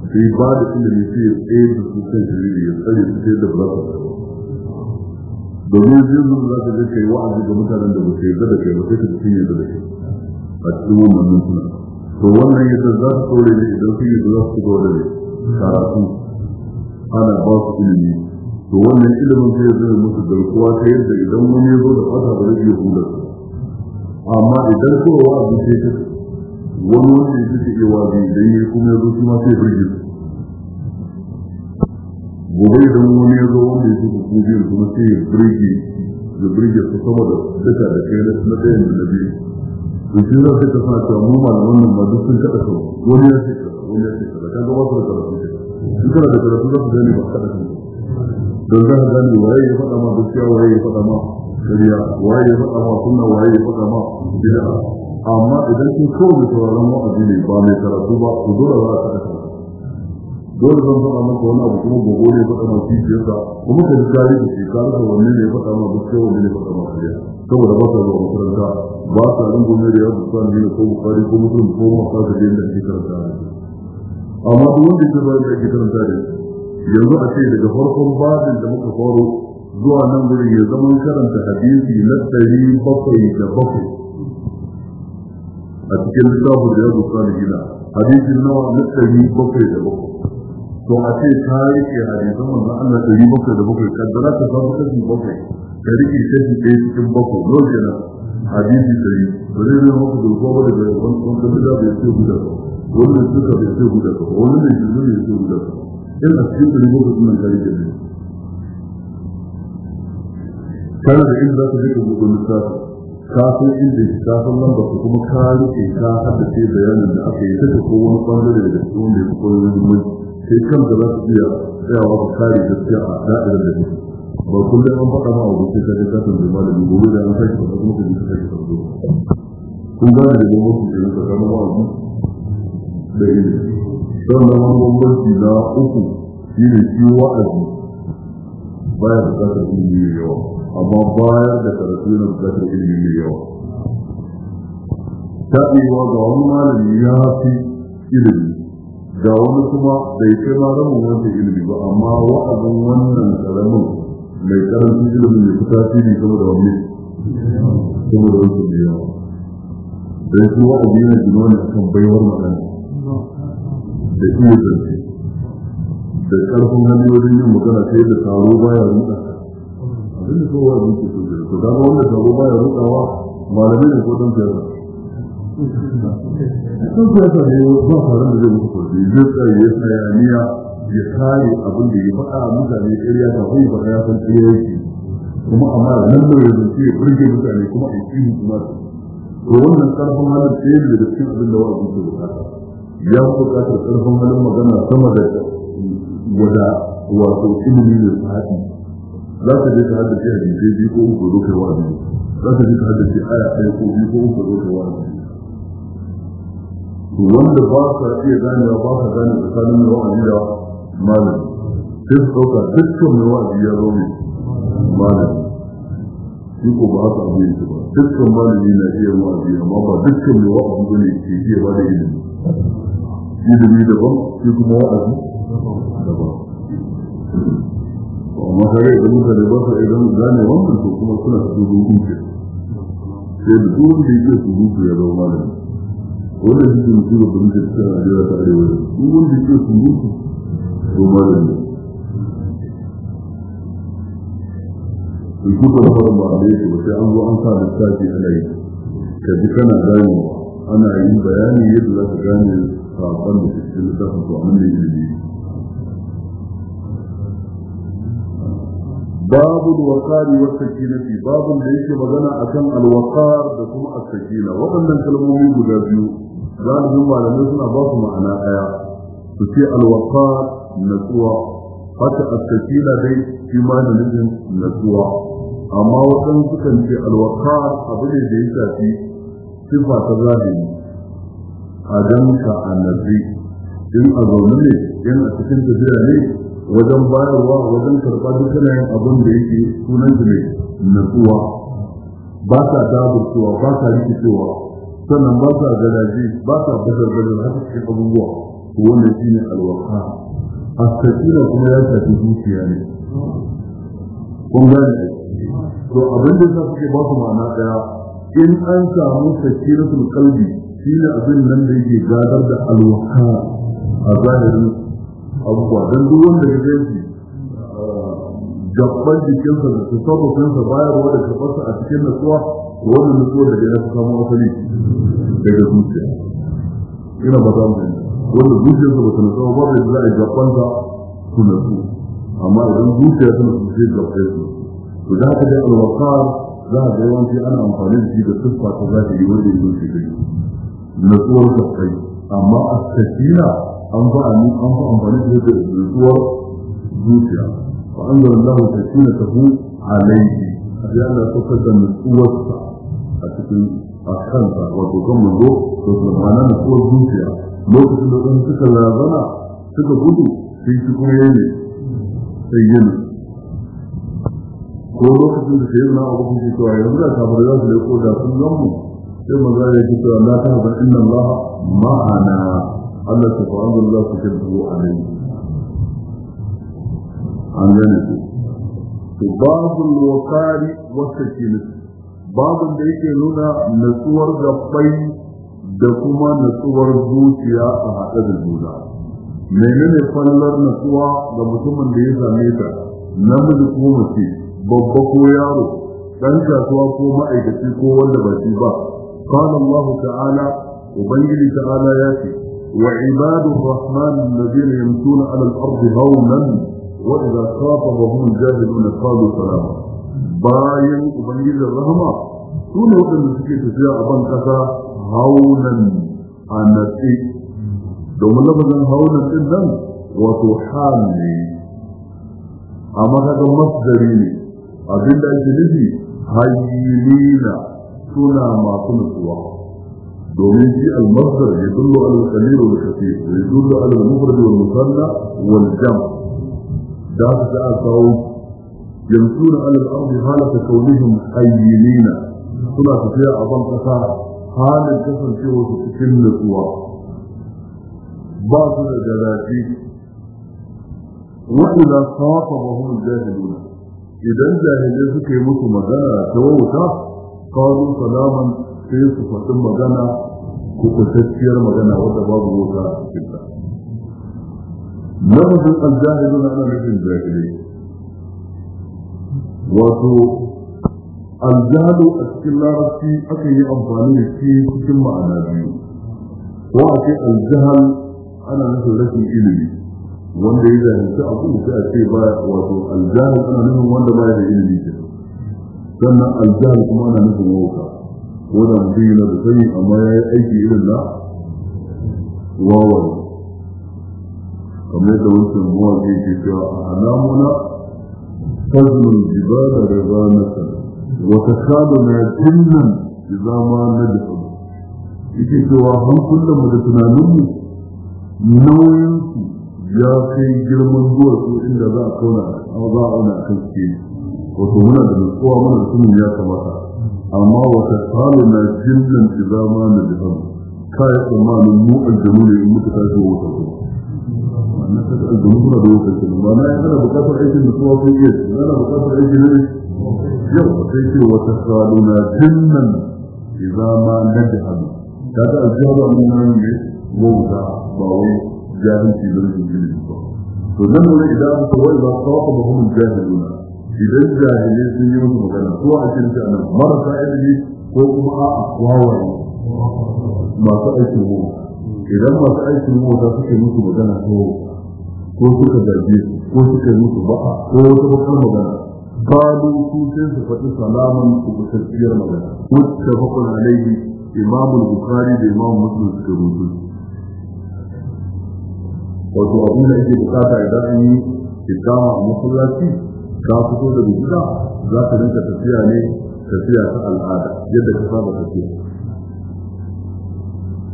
sai ba da ilimi sai ya tsaye da su kan shirya ya tsare su sai da ba za su domin zai zuwa za ka je kai wa'azi ga mutanen da ba su yarda da kai ba sai ka cikin yarda da kai a cikin wannan mintuna to wannan yadda za su tsore ne idan sun yi da za su tsore ne karatu ana ba su ilimi to wannan ilimin zai zai musu garkuwa ta yadda idan wani ya zo da fata ba zai iya hula amma idan kowa abu sai ta wani wanda ya suke iya wazi idan ya kuma ya zo shi ma sai birgi su gobe idan wani ya zo wanda ya suke kuma biyu kuma sai ya birgi ya birgi su sama da duka da kai na ɗayan da biyu to shi za su ka fara cewa mu ba nan ma duk sun kada su wani ya ce wani ya ce kada kan ga wasu da karatu ne in da karatu za su gane ba kada su don za ka gane waye ya faɗa ma gaskiya waye ya faɗa ma kariya waye ya faɗa ma sunna waye ya faɗa ma bid'a amma idan kun kawai sauraron wa'azi ne ba mai karatu ba ku dole za ka kada dole zan faɗa maka wani abu kuma gobe ne faɗa ma kishiyarsa kuma ka ji tarihi shi ka rasa wanne ne faɗa ma gaskiya wanne ne faɗa ma kariya saboda ba ka zuwa makaranta ba sa rungume da yadda sa ne ko bukari ko mutum ko mafaka da yadda ake karanta ne amma duk wanda ke bayan da ake karanta ne yanzu a ce daga farkon babin da muka faro zuwa nan gurin ya zama karanta hadisi na ɗari bakwai da bakwai a cikin littafin da ya zuwa da gida, hadisi nawa na ɗari bakwai da bakwai to a ce ta ke hadisan manzon Allah ɗari bakwai da bakwai kaddara ta samu kashi bakwai ta rike kashi ɗaya cikin bakwai dole kenan hadisi sai ba zai zama ku da ba da ban ban kan da bai ce ba da suka bai ce guda ba wani da shi zai ce guda ba in a cikin dari ko kuma kare da ni kana da za zaka je ka buɗe lissafi ka san in shi ka san lamba ku kuma ka rike ka haddace bayanin da aka yi ta ko wani bangare da cikin wanda ya wani mai sai kan da za su iya tsayawa ka kare gaskiya a da'irar da ba kullum an faɗa ma abu sai ka je kasan da malami gobe da an sake faɗa kuma ka je ka sake faɗa kun gane da bambanci da yanzu tsakanin wa'azi da ilimi sannan wani bambanci na uku shi ne shi wa'azi baya buƙatar ilimi mai yawa amma bayar da karatu yana buƙatar ilimi mai yawa taɓewa ga wani malami ya fi ilimi ga wani kuma bai kai ma ramin wancan ilimi ba amma wa'azin wannan karamin mai karanci ilimin ya fi tasiri sama da wani sama da wasu da yawa da shi yana gina wani akan baiwar magana da iya zance da karfin hanyoyin yin magana sai da taro baya ruɗa da kowa ya zuke su da su gano wanda taro baya ruɗawa malami ne ko don fiyar sun fiyar da ne ba faran da zai mutu kwarfi zai tsaye ya tsaya ya kare abin da ya faɗa mutane ƙarya ta kuma ba ya san ƙarya yake kuma amma da nan da ya zance ya burge mutane kuma a yi kuma to wannan ƙarfin halin ɗaya ne daga cikin abin da wa'azi ke bukata ya fi bukatar ƙarfin halin magana sama da wada wato ilimi da sahabi za ka je ka haɗa haddace hadisai biyu ko uku zo kai wa'azi za ka je ka haddace aya ɗaya ko biyu ko uku zo kai wa'azi wanda ba sa iya ganewa ba sa gane tsakanin wa'azi da malami sai su ɗauka dukkan mai wa'azi ya zo ne malami shi ko ba haka abu yake ba dukkan malami na iya wa'azi amma ba dukkan mai wa'azi ba ne ke iya ba da ilimi ilimi daban shi kuma wa'azi daban amma kare idan muka da ba su idan gane wannan to kuma suna su zo kunce sai da duk wanda yake su ya zama malami wannan shi ne mutum da mutum da ta arewa duk wanda yake su rufe umarin su kuka fara ba da yake sai an zo an sa littafi ana yi ka ji kana gane ana yin bayani yadda za ka gane saƙon da ke cikin littafin to amma ne ilimi babu alwakari wa sakinati babu da yake magana akan alwakar da kuma asakina waɗannan kalmomi guda biyu galibin malamai suna ba su ma'ana ɗaya su ce alwakar natsuwa haka astakila dai shi ma da nufin natsuwa amma waɗansu sukan ce alwaka abu ne da ya shafi sifa ta zahiri a ganka a nazi in a zaune ne in a cikin tafiya ne wajen bayarwa wajen karɓa dukkanin abin da yake sunan ne natsuwa ba sa daburcewa ba sa rikicewa sannan ba sa gadaje ba sa bazar bazar haka cikin abubuwa to shi ne alwaka asakila kuma ya shafi zuciya ne kun gane to abin da za ke ba su ma'ana daya in an samu sakilatul kalbi shi ne abin nan da yake gadar da alwaka a zahirin abubuwa don duk wanda ya zai shi ah, gabban jikinsa da tasarrufinsa bayarwa da karɓarsa a cikin nutsuwa wannan nasuwa da ya fi samu asali daga zuciya ina ba za mu wanda zuciyarsa ba bata nutsuwa ba da za a gabanta su nutsu amma idan zuciya ta nutsu sai gabta su to da haka dai alwaqar za a ga yawanci ana amfani da shi da siffa ta yi wanda yake shi kai nutsuwar sa kai amma a sakina an ba a an ba amfani da shi da nutsuwar zuciya fa an ga Allah sakina ta hu alaihi a Allah ya saukar da nutsuwar sa a cikin a kansa wato kan manzo to ma'ana nutsuwar zuciya lokacin da wani suka razana suka gudu sai shi kuma ya ne sai yana ko lokacin da sai na abu kuma cewa yanzu da kafar za su da ko da sun zan mu sai maza ya ce cewa na ta haɓar inna Allah ma'ana Allah ta fa'an da za su ke zuwa a nan an gane ku to babul wakari wasta ke babu da yake nuna natsuwar gabbai da kuma natsuwar zuciya a haɗe da juna. menene fallar natsuwa ga mutumin da ya same ta namiji ko mace babba ko yaro dan kasuwa ko ma'aikaci ko wanda ba shi ba qala allah ta'ala ubangiji ta'ala ya ce wa ibadu rahman alladhina yamshuna 'ala al-ardi hawlan wa idha khatabahum jahilun qalu salam bayan ubangiji rahma sune wanda suke tafiya a ban ƙasa. haunan a natsi domin lafazin haunan din nan wato hal ne amma kaga masdari ne abinda ake nufi hayyina suna masu nutsuwa domin shi al-masdar yadullu ala al-qalil wal kathir yadullu ala al-mufrad wal musanna wal jam' da haka a kawo يمشون على الأرض حالة كونهم حيين suna tafiya a ban kasa halin kasancewa su cikin nutsuwa ba su da garaji wa'ila safa mahimmin jahiluna idan jahilai suka yi musu magana ta wauta kawo salaman sai su faɗi magana kusacciyar magana wadda babu wuta a cikinta lafazin aljahiluna ana nufin jahilai wato aljahalu a cikin larabci aka yi amfani da shi cikin ma'ana biyu ko a ce aljahal ana nufin rashin ilimi wanda ya zahimci abu sai a ce ba wato aljahal ana nufin wanda ba da ilimi ke sannan aljahal kuma ana nufin wauta ko da mutum yana da sani amma ya yi aiki irin na wawaye kamar yadda wancan mawaƙi ke cewa a alamuna fazlul jibala ribanatan وتخالنا جنا إذا ما ندخل yake cewa hankulanmu da tunaninmu nauyinsu ya kai girman zuwa su inda za a kauna a za a auna a kan da nutsuwa muna da sunan ya kamata amma wata tsalo na jinnan izama na jihar ka yi tsammanin mu aljanu ne in muka tashi wa wata kuma na kasa aljanu suna da wata kuma ba na aikin nutsuwa sun iya yau sai ce wata saluna jinnan idza ma nadhabu kaga aljaba annan ne wauta ba wai jahilci da rashin ba to nan ne idan aka wai ba sawaba ba hum jahiluna idan jahilai sun yi musu magana ko a cikin ta nan marasa ilimi ko kuma a'a wawaye masu aikin wauta idan masu aikin wauta suke musu magana ko ko suka gaje ko suka yi musu ba'a ko wata bakar magana قالوا سوسن فقد سلاما وتسير مغنى متفق عليه إمام البخاري بإمام مسلم سكروته wato abin da ake bukata idan an yi ikama a masallaci ka fito daga gida za ka rinka tafiya ne tafiya ta al'ada yadda ka saba tafiya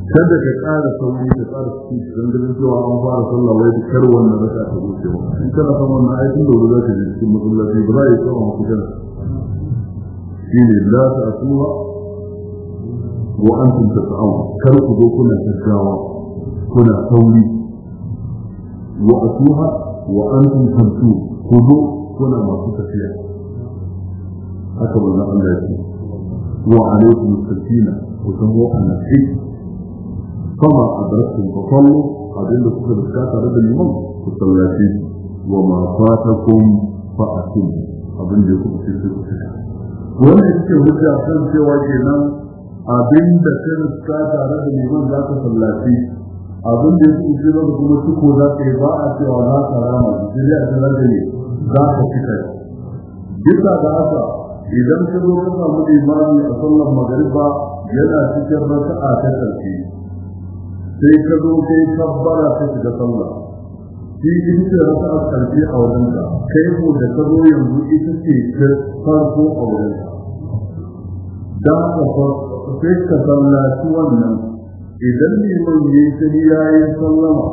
kada ka tsara sauri ka tsara su don ganin cewa an fara sallah wai kar wannan raka ta wuce ba in kana son wannan ayatin da wuri za ka je cikin masallaci ba za a yi tsawon haku kana shi ne la ta asuwa wa an tun ta sa'awa kar ku zo kuna gaggawa kuna sauri wa asuha wa an tun tamsu ku zo kuna masu tafiya haka wannan Allah ya ce wa alaikum sakina ku san wa annabi فما أدركتم فصلوا أدل كل بكاتا رد الإمام فصلاتي وما فاتكم فأتموا أبن جيكم في سلسلة wannan yake hujja kan cewa kenan abin da ka riska tare za ka sallaci abin da yake ce ba kuma suko za ka yi ba a za ka rama sai dai a sanar ne za ka fita bisa da haka idan ka zo ka a magariba yana cikin raka'a ta karshe sai ka zo kai tabbara ta shiga sallah shi in ce rasa a karfi a wajen ka kai ko da ka zo yanzu ita ce ta farko a wajen ka dan ka sai ka sallaci wannan idan liman ya yi ta ya yi sallama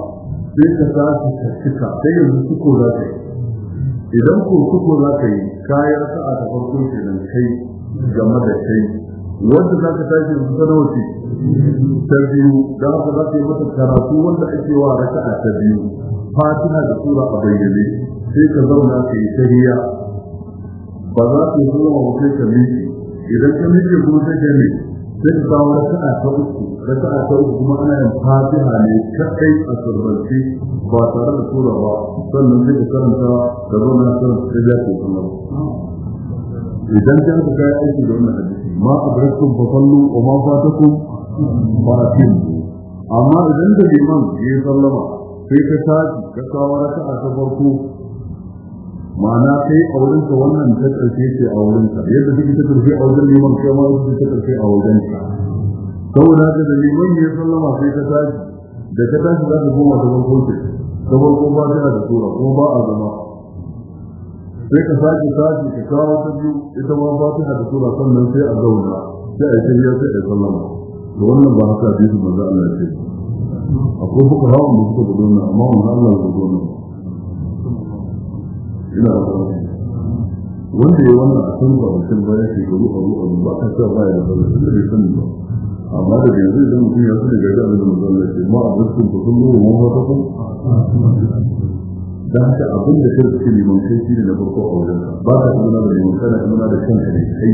sai ka sa ka cika sai yanzu suko za ka yi idan ko suko za ka yi kayan sa'a ta farko kenan kai game da kai wanda za ka tashi da kusa nawa ce ta biyu da haka za ka yi masa karatu wanda ake wa raka'a ta biyu fatina da tura a bayyane sai ka zauna ka yi tahiya ba za ka yi zuwa wa kai ka miki idan ka miki kuma ta ke sai ka kawo raka'a ta uku raka'a ta uku kuma ana yin fatiha ne kaɗai a surbanci ba tare da tura ba sannan sai ka karanta ka zauna ka karanta ta jafi idan ka ka yi aiki da wannan hadisi ma adraktum fa sallu wa ma fatakum fa atimmu amma idan da liman ya sallama sai ka tashi ka kawo raka'a ta farko ma'ana kai a wurin ka wannan ta karshe ce a wurin ka yadda kike ta karshe a wurin liman kai ma ta karshe a wurin ka saboda haka da liman ya sallama sai ka tashi da ka tashi za ka koma ta farko ce ta farko ba ta da sura ko ba a zama sai ka sake sake ka kawo ta biyu ita ma ba fatiha da tura, sannan sai a zauna sai a yi sai a sallama to wannan ba haka hadisi manzo Allah ya ce akwai fuka hawa da suka gudu na amma manzo Allah ya gudu ina da wanda ya wannan a san ba wasan baya ke gudu a ruwa ba ka ba ya da ba da bai sani ba amma da yanzu idan mutum ya fi da gaji a da manzo ma a gaskin ku sun gudu ma ba ta kuma da haka abin da ta suke neman kai shi ne na farko a wajen ba ta tuna da neman kana tuna da kanka ne kai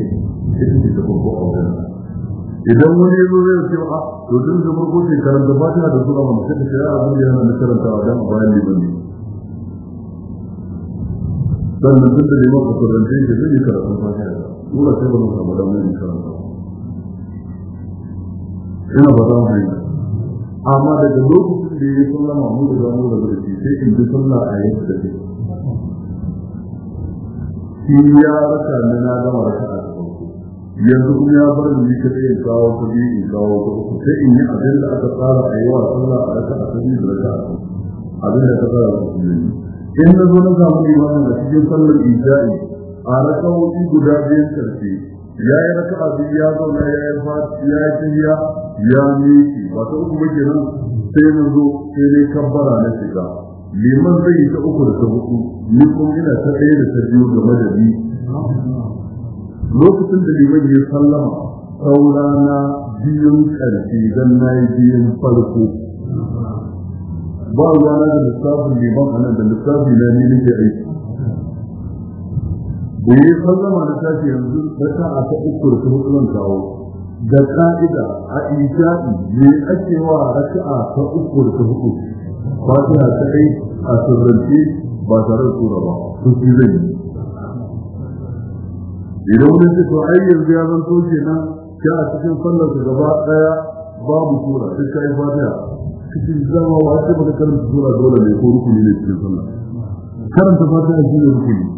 ita ce ta farko a wajen idan wani ya zo zai ce a ah, to din da farko sai karanta ba ta da sura mun sai ka ya ah, abin da yana da karanta a dan bayan ne bane sannan duk da neman ka karanta ne zai yi karatu ba ta dole sai ba mu samu damar yin karanta ina ba za mu yi amma daga lokacin da ya yi sallama mu da zamu da barci sai in bi sallah a yanzu da ke shi ya raka na na gama raka a yanzu kuma ya bar ni kadai in kawo kuɗi in kawo kuɗi sai in yi abin da aka tsara a yi wa sallah a raka a kuɗi da raka a abin da aka tsara a kuɗi in na zo na samu imanin a cikin sallar isha'i a raka wuɗi guda biyan karfe ya yi raka abu ya zauna ya yi fati ya yi tahiya ya miki ba ta uku muke nan sai mun zo sai dai kabbara na shiga liman zai yi ta uku da ta hudu ni kuma ina ta ɗaya da ta biyu game da ni lokacin da liman ya sallama saurana biyun ƙarfi don na yi biyun farko ba ruwa na da lissafin liman a nan da lissafin na ni nake aiki da ya sallama da tashi yanzu da sa'a ta uku da ta hudu kawo da ka'ida a isha'i me ake wa raka'a ta uku da ta hudu ba ta kai a sirrance ba tare da tura ba sun fi zai idan wani ce to ai yanzu ya zanto nan, ka a cikin sallar da gaba daya babu tura sai ka yi fatiha cikin zama ba sai baka karanta tura dole ne ko rukuni ne cikin sallar karanta fatiha shi ne rukuni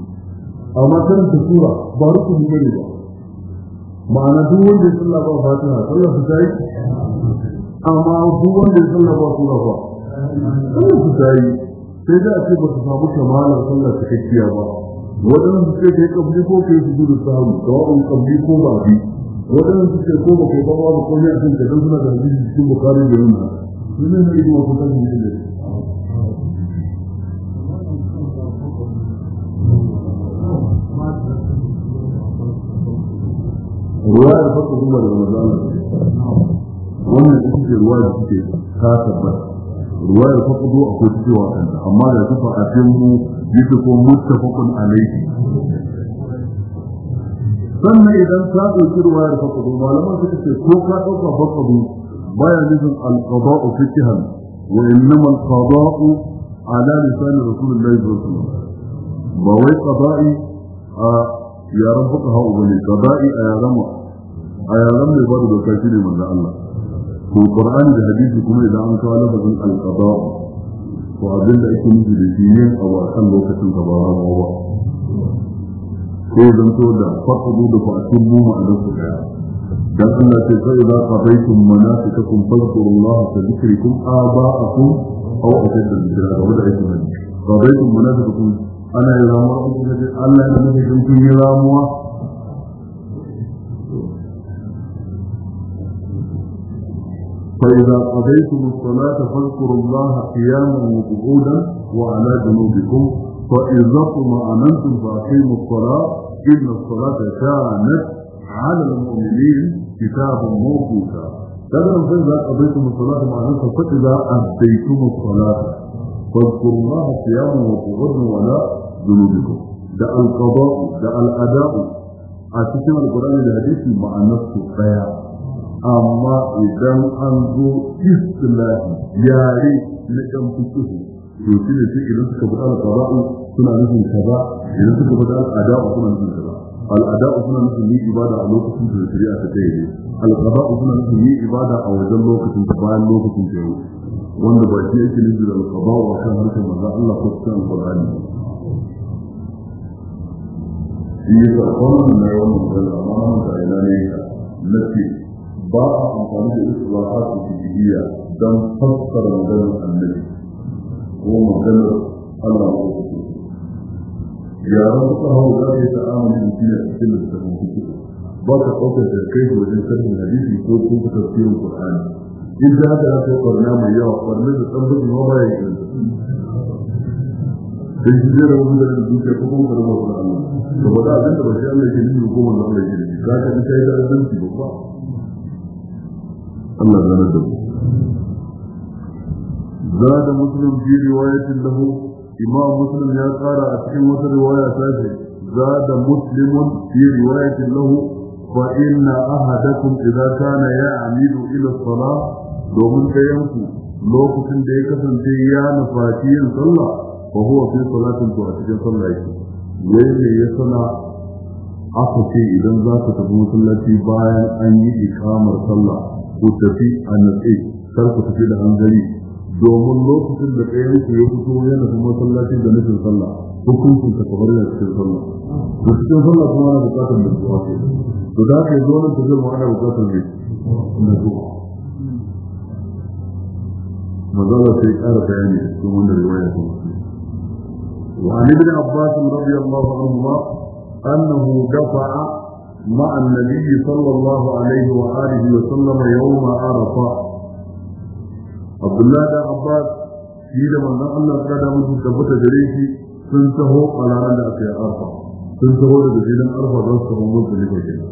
amma ta sura ba rukuni ne ba ma'ana duk wanda ya sallah ba fatiha sallah su tayi amma duk wanda ya sallah ba sura ba sallah su tayi sai da ake ba su samu kamalar sallah cikakkiya ba Wadannan suke ce ka yi kabli ko ka su gudu samu sawa'un kabli ko ba bi waɗannan su ce ko ba kai ba ba ko ne a kan ka don suna da hadisi cikin bukari da yunna sun ne na ido wa yin da ruwa da farko kuma da manzon wannan ita ce ruwa da suke ta tabbata ruwa da farko zo akwai cewa kanta amma da kafa a cikin yake ko muttafaqun alayhi sannan idan ta ɗauki ruwa da farko zo malaman suka ce ko ka dauka farko zo baya nufin al-qada'u fiqhan wa innama al-qada'u ala lisan rasulullahi sallallahu alaihi wasallam ba wai qada'i يا رب قهو من قبائي أيا رمع أيا رمع برد وكاتلي من ذا الله في القرآن ذا حديث إذا عن قال بذن القضاء وأذن لأيكم جلسين أو أحسن لو كتن قبارا وهو كي ذن تودع فقضوا لفأتموا مع نفسك كان أن تلك إذا قضيتم مناسككم فاذكروا الله كذكركم آباءكم أو أشد الذكر هذا بدأ قضيتم مناسككم ana yi ramuwa uku da Allah da muke jin kun yi ramuwa فإذا قضيتم الصلاة فاذكروا الله قياما وقعودا وعلى جنوبكم فإذا طمأننتم فأقيموا الصلاة إن الصلاة كانت على المؤمنين كتابا موقوتا. هذا من فإذا قضيتم الصلاة معناها فإذا أديتم الصلاة فاذكروا الله قياما وقعودا ولا جنوبكم ده القضاء ده الأداء أتكلم القرآن الحديث مع نفسه فيا amma idan an zo istilahi yare na ɗan fituhu to shi ne sai idan suka faɗa al suna nufin kaza idan suka faɗa al suna nufin kaza al suna nufin yi ibada a lokacin da shari'a ta kai ne al suna nufin yi ibada a wajen lokacin ta lokacin wanda ba shi yake nufi da alƙabawa kan harkar maza Allah ko cikin alƙur'ani shi ya sa kwanan na yawan magana amma manta ina ne na ce ba a amfani da islahat fiqhiyya don fassara maganar annabi ko maganar Allah ko ya rabu sahu da ya ta'amala da shi a cikin littafin fiqh ba ka ɗaukar da kai wajen sanin hadisi ko kuma tafsirin Qur'ani in da aka rasa kwarna mai yawa kwarna da san bugun ma baya yi da shi zai rabu da dukiya ko kuma kwarna mai Allah to ba da ba shi Allah ke nufi ko wanda Allah ke nufi za ka ji kai da azanci ba ba Allah zana da mu زاد مسلم في رواية له إمام مسلم يا قارئ أتكلم رواية ثالثة زاد مسلم في رواية له فإن أحدكم إذا كان يعمد إلى الصلاة domin ɗayanku lokacin da ya kasance ya nufaci yin sallah fa huwa fi salatin to a cikin sallah yake wai ne ya sana aka ce idan za ka tafi masallaci bayan an yi ikamar sallah ku tafi a natsi kar ku tafi da hanzari domin lokacin da ɗayanku ya fito ya nufi masallaci da nufin sallah hukuncin ka kamar yana cikin sallah da cikin sallah kuma ana buƙatar da zuwa ke to da ka yi zo nan ta zama ana bukatar ne na zuwa مضرة الأربع يعني يكون الرواية المسلمة وعن ابن عباس رضي الله عنهما أنه قطع مع النبي صلى الله عليه وآله وسلم يوم عرفة عبد الله بن عباس إذا ما نقل الأرض من تثبت جريه تنتهو على رد أكي عرفة تنتهو لبجينا عرفة رسل الله صلى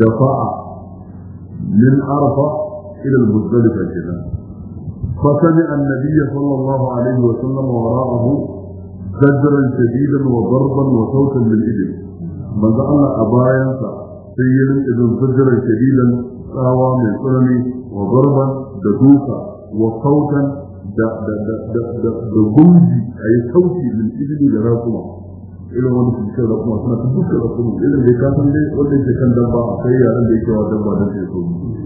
دفع من عرفة إلى المزدلفة الجنة فسمع النبي صلى الله عليه وسلم وراءه زجرا شديدا وضربا وصوتا للإبل ماذا قال أبايا سيد ابن زجرا شديدا قاوى من سلمي وضربا دقوقا وصوتا بغمجي أي صوتي من إبل إلى رسول ما نفسي كذا أقوى سنة تبكى رسول الله إلى اللي كان لي وليس كان دبا أخيرا اللي كان دبا نفسي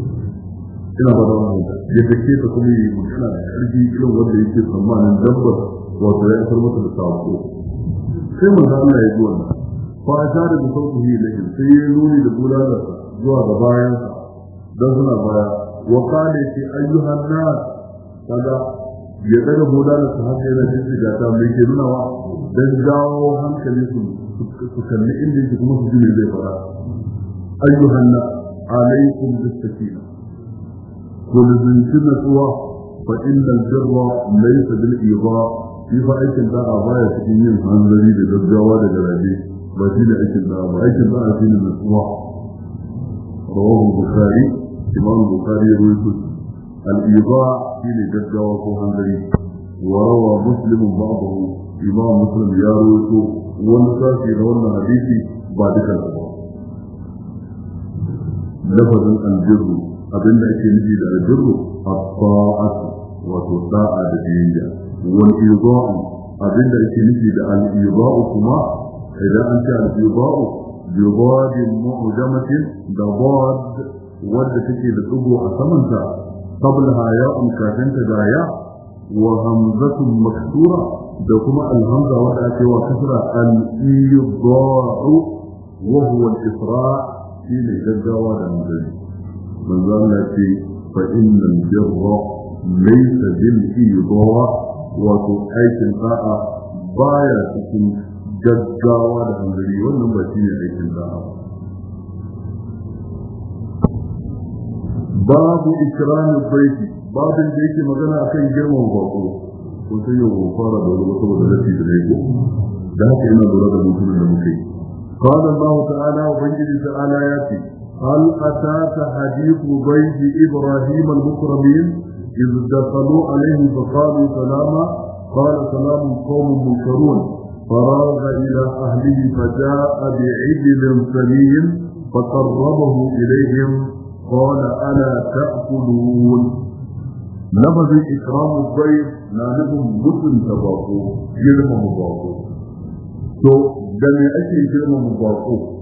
ina ba da wannan ya take ta kuma yi magana da ƙarfi irin wanda yake tsammanin dabbar wato ya isar mata da sako sai manzo Allah ya yi ji wannan fa ashara bi sawtihi ilayhi sai ya yi nuni da bulalarsa zuwa ga bayansa dan suna baya wa qala ya ayyuhan nas kaga ya daga bulalarsa haka yana cikin gata mai ke nuna wa dan jawo hankali su su kalli inda yake kuma su ji me zai fara ayyuhan nas alaikum bis sakina ولزنك نسوة فإن البر ليس بالإيضاء كيف أيكن دعا باية تكيين عن ذلك للجواد الجلالي وشين أيكن دعا وأيكن دعا شين النسوة رواه البخاري إمام البخاري يقول الإيضاء شين جدوى عن ذلك وروى مسلم بعضه إمام مسلم يا رويته ونساكي لون حديثي بعد كذا لفظ الجر abinda ake nufi da albirru at-ta'atu wato da'a da biyayya wal idha'u abinda ake nufi da al-idha'u kuma idan an ce al-idha'u bi dhadin mu'jamatin da dhad wanda take da tsugo a saman ta samanta qablaha ya'un kafinta da ya wa hamzatu maksura da kuma al-hamza wanda ake wa kasra al-idha'u wa huwa al-isra' shine gaggawa da manzanni manzo Allah ce fa innal birra laysa bil idwa wa to aikin sa'a baya cikin gaggawa da hanzari wannan ba shi ne aikin sa'a babu ikramin baiti babin da yake magana akan girman bako ko sai yau fara da wata saboda rafi da ne ko da haka ina lura da mutumin da muke قال الله تعالى وبنجل ya ce. هل أتاك حديث بيت إبراهيم المكرمين إذ دخلوا عليه فقالوا سلاما قال سلام قوم منكرون فراغ إلى أهله فجاء بعجل سليم فقربه إليهم قال ألا تأكلون نبذ إكرام الضيف نالهم مسلم تباقو جرم مباقو تو جميع أشي جرم مباقو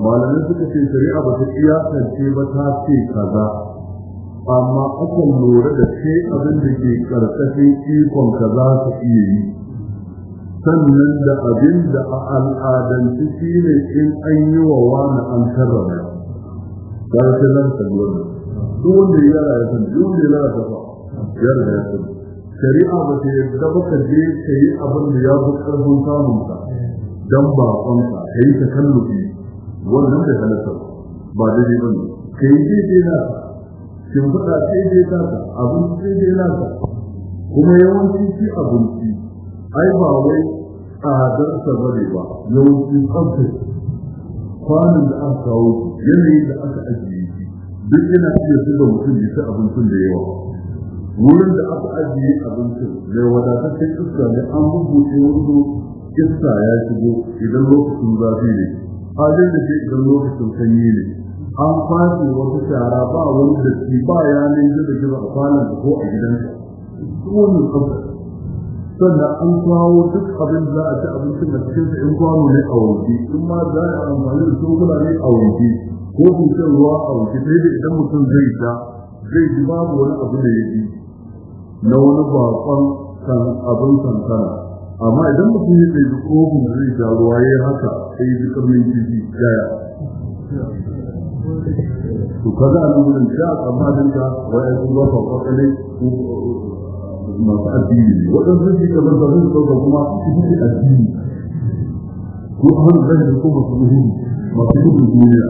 malamai suka ce shari'a ba ta iyakance ba ta ce kaza amma akan lura da ke abin da ke karkashin ikon za su iya yi sannan da abin da a al'adanci shi ne in an yi wa wani an karrama ba ya ce zan kalli duk wanda ya yara ya san duk wanda ya yara ta ya riga ya san shari'a ba ta yarda ba ka je ka yi abin da ya fi karfin samunka don ba bakonka ka yi ta kallufi wannan da halatta ba daidai ba ne kai daidai na ka kin faɗa daidai na ka abinci daidai na ka kuma yawanci shi abinci ai ba wai tsadarsa ba ne ba yawanci tsabta kwanan da aka kawo yanayi da aka ajiye shi duk yana iya zuba mutum ya ci abincin da yawa wurin da aka ajiye abincin mai wadataccen iska ne an rubuce wurin iska ya shigo idan lokacin zafi ne halin da ke idan lokacin sanyi ne an kwashe wasu shara ba wani da ke ba yanin da da gida a kwanan da ko a gidansa su wani kamfa sannan an kawo duk abin da za a ci abincin a cikin su in kwano ne a wanke in ma za a amfani da cokula ne a wanke ko su shan ruwa a wanke sai da idan mutum zai sha zai ji babu wani abu da ya ji na wani bakon kan abin kankara amma idan mutum ya ɗaya kofin da zai sha ruwa ya haka sai ya ji karnin jiki daya to kaga a nan wurin sha tsammanin ka wa'yan su ba kwakwale masu addini ne waɗansu shi kamar da zai kuma su fi addini ko an zai da kuma su zuhuri masu gudun duniya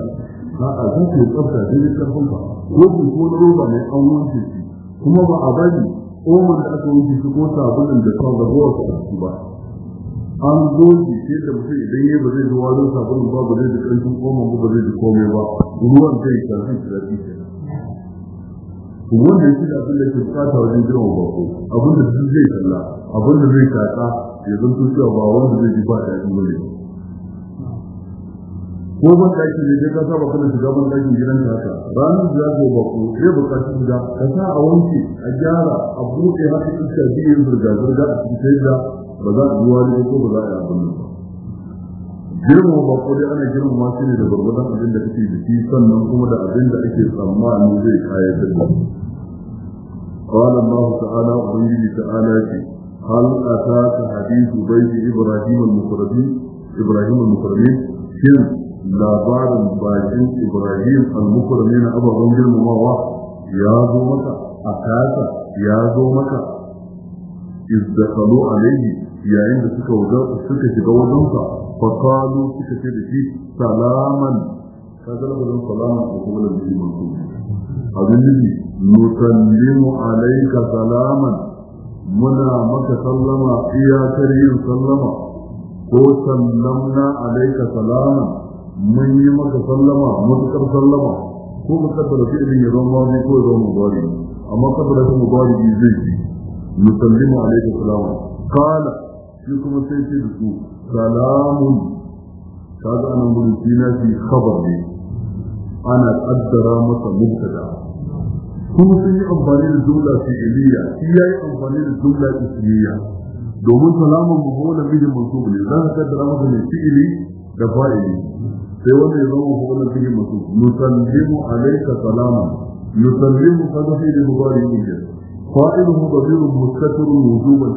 a a zai ke da ya karfin ba ko ko na roba ne an wanke shi kuma ba a bari umar da aka wuce su ko sabulin da kawo gabuwar su a ba an zo shi da mutum idan ya ba zai ji warin sabulin ba ba zai ji ƙarfin koma ba ba zai da komai ba ruwan zai shi zafi ke wanda shi da abin da ke bukata wajen jiran bako abin da zai kalla abin da zai kaka ya zanto cewa ba wanda zai ji ba daɗi ba ne ko ban daki ne ka saba kana shiga ban dakin gidan ka haka ranar da zai ba ku sai ba ka shiga ka sa a wanke a gyara a buɗe haka iska biyu zurga zurga a cikin sai da ba za a yi wani ko ba za a yi abin nan girma ba ko dai ana girma ma shi ne da gwargwadon abin da kake jiki sannan kuma da abin da ake tsammani zai kayar da ku قال الله تعالى وبيه تعالى هل أتاك حديث بيت إبراهيم المكرمين إبراهيم المكرمين labarin bakin ibrahim al-mukarrami na ababen girmamawa ya zo maka a kasa ya zo maka izdakalu alaihi yayin da suka suka shiga wajensa fa qalu suka ce da shi salaman kaga lafazin salaman ko kuma da shi mutum abin nufi nusallimu alaika salaman muna maka sallama iyakar yin sallama ko sallamna alaika salaman mun yi maka sallama mutukar sallama ko mu kaddara fi irin ya zama wani ko ya zama mubari amma kaddara ta mubari bi zai ci musallimu alaikum salama kala shi kuma sai ce da su salamun kaga anan gurin shi na fi khabar ne ana kaddara masa mubtada kuma sun yi amfani da jumla fi'iliya shi yayi amfani da jumla ismiya domin salamun mubawala bihi mansub ne za ka kaddara masa ne fi'ili da fa'ili sai wanda ya zama hukumar cikin masu nusallimu alaika salama nusallimu kada fi da mubari inda fa'iluhu dabiru mustatirun wujuban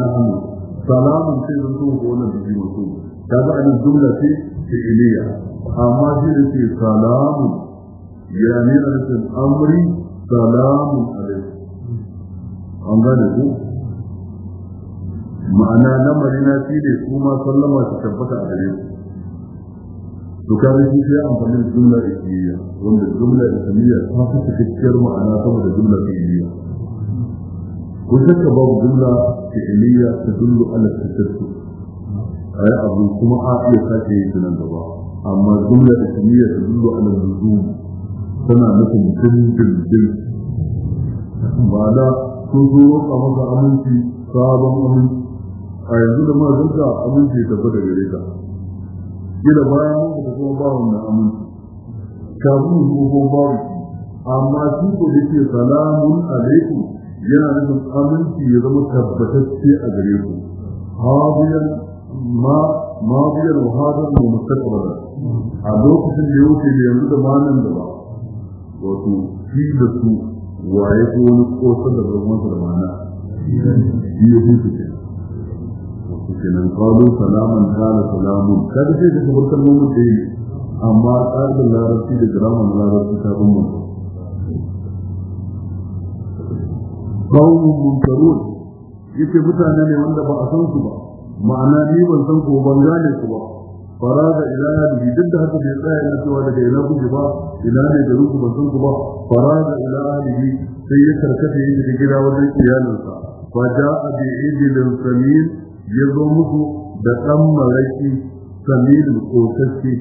na hannu. salamun sai zan so hukumar cikin masu kaga an jumla ce fi'iliya amma shi da ke salamun yani alisin amri salamu. alaikum an gane ku ma'ana na marina shi ne kuma sallama ta tabbata a gare ku to shi sai amfani da jumla da ismiya wanda jumla da ismiya ta fi cikakkiyar ma'ana sama da jumla fi'iliya ko shakka babu jumla da fi'iliya ta dullu ala a ayi abu kuma a iya sake yi nan gaba amma jumla da ismiya ta dullu ala luzum tana nufin dindin din ba da sun zo roƙa maka aminci sabon aminci a yanzu da ma zunka aminci tafi da gare ka gida bayan da kuma ba wannan aminci kafin su ko ba babu amma shi ko da ke salamun alaikum yana da aminci ya zama tabbatacce a gare ku hadiyan ma madiyan wa hadan wa mustaqbala a lokacin da yau ke da yanzu da manan da ba wato shi da su waye ko wani kosan da barbansa da mana shi ya fi su kenan qalu salaman qala salamun kada sai ka bar kalmomin da yi amma tsarin larabci da grammar larabci ta bamban qaumun munkarun yace mutane ne wanda ba a san su ba ma'ana ni ban san ko ban gane su ba faraga ila yadihi duk da haka bai tsaya na cewa daga ina kuke ba ina ne da ruku ban san ku ba faraga ila yadihi sai ya karkata ya yake gida wajen iyalinsa fa ja'a bi idilin samin ya zo musu da ɗan maraki samirin tsotacce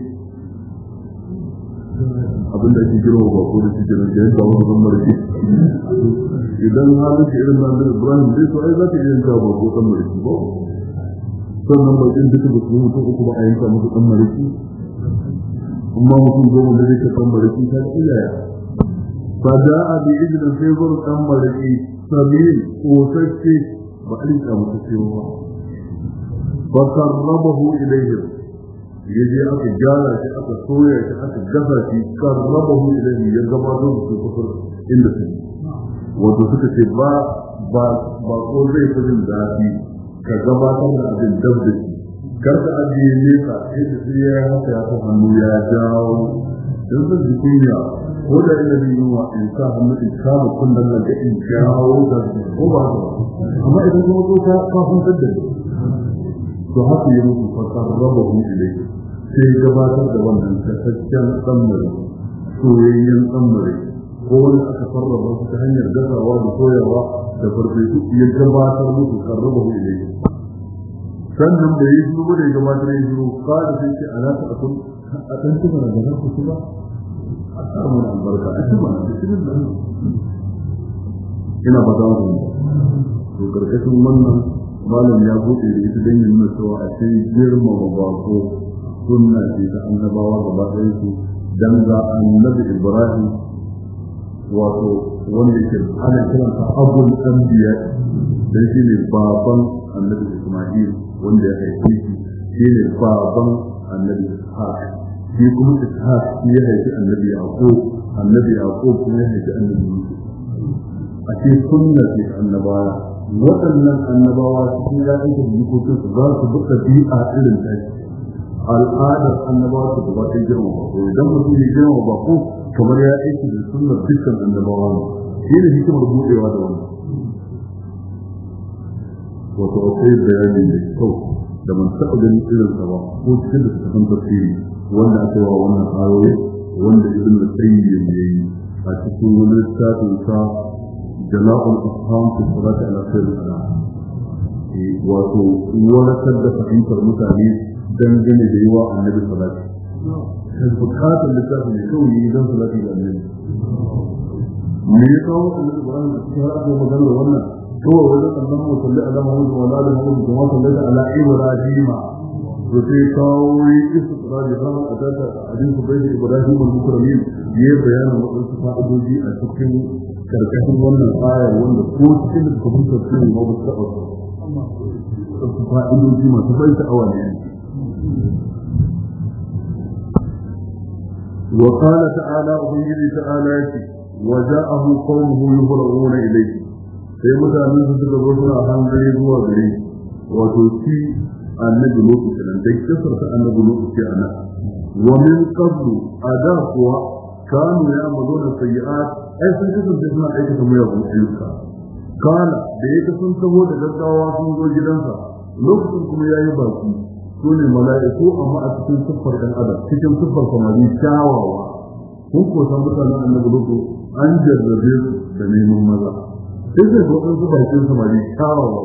abin da ake kira wa bako da shi kira da yanka wasu maraki idan halin irin nan da ibrahim zai so ai za ta iya yanka bako ɗan maraki ba sannan bakin duka ba su mutu uku ba a yanka musu ɗan maraki amma mutum goma da zai ka ɗan maraki ta tsiyaya فجاء بإذن الفيضر أم ملكي سبيل وسكي وإنك متسيرها fa qarrabahu ilayhim yaje aka gyara shi aka soya shi aka gasa shi qarrabahu ilayhim ya gabatar da su kufur inda su wato suka ce ba ba ba ko zai fi ka gabatar da abin dab da shi kar ka ajiye nesa inda sai ya haka ya fi hannu ya jawo don sun ji kunya ko da ina bin yunwa in sa hannu in kama kundin da in jawo da ko ba amma idan kuma ko ta kafin sadda ne to haka yi musu fasar raba hu ilaihi sai gabatar da wannan tafakken tsammari soyayyen tsammari ko wani aka sarrafa su ta hanyar gasawa da soyawa da farfesu ya gabatar musu karraba hu ilaihi sannan da yi zuru da ya gabatar ya zuru kada sai ce ana ta akun a ɗan kuma da gaban ku ba a samu albarka a cikin wannan cikin nan ina ba za mu to karkashin wannan malam ya buɗe da ita don nuna cewa a ce girmama bako sunna ce ta annabawa gaba ɗaya su dan ga annabi ibrahim wato wanda ke ana kiransa abul anbiya dan shi ne baban annabi isma'il wanda ya haife shi shi ne baban annabi ishaq shi kuma ishaq shi ya haifi annabi yaqub annabi yaqub kuma ya haifi annabi yusuf a ce sunna ce annabawa waɗannan annabawa cikin ya'yan da jikokin su za su duka bi a irin taki al'adar annabawa su gaba ta girma ba ko idan mutum ya girma ba ko kamar ya aiki da sunnar dukkan annabawa ne shi ne hikimar buɗewa da wani. wato akwai bayani mai kyau da ban taɓa ganin irin sa ba ko cikin da suka san tafsiri wanda aka yi wa wannan ayoyi wanda ibn al ya yi a cikin wani littafin sa جلاء الإسلام في الصلاة على خير الأنعام إيه، واتو ولا سد فحيط المتعليم دم جن ديوا النبي صلى الله عليه وسلم الفتحات اللي كانت يسوي يدن صلاة الأنعام ليتو أن القرآن الكهراء هو مدن الغنى هو وجد أنه صلى على مهوز ولا لمهوز كما صلى على عيب راجيمة وفي قاوي إسف راجي خلق أتاتا عديم سبيل إبراهيم المكرمين ya bayanin waɗansu fa'idoji a cikin karkashin wannan ayar wanda ko cikin da kafin tafsirin ba ba taɓa su wasu fa'idoji masu ban sha'awa ne وقال تعالى أبنجي تعالى وجاءه قومه يهرعون إليه sai mutanen su suka zo suna hanzari zuwa gare wato shi annabi lokaci nan dai kasar ta annabi lokaci a nan wa min qablu ada kuwa kanu ya amalo da sayyi'at ai sun kasance suna aikata muyagun ayyuka kala da yake sun taho da gaggawa sun zo gidansa lokacin kuma ya yi baki su ne mala'iku amma a cikin siffar ɗan adam cikin siffar samari kyawawa kun ko san mutanen annabi an jarrabe su da neman maza sai da waɗansu bakin samari kyawawa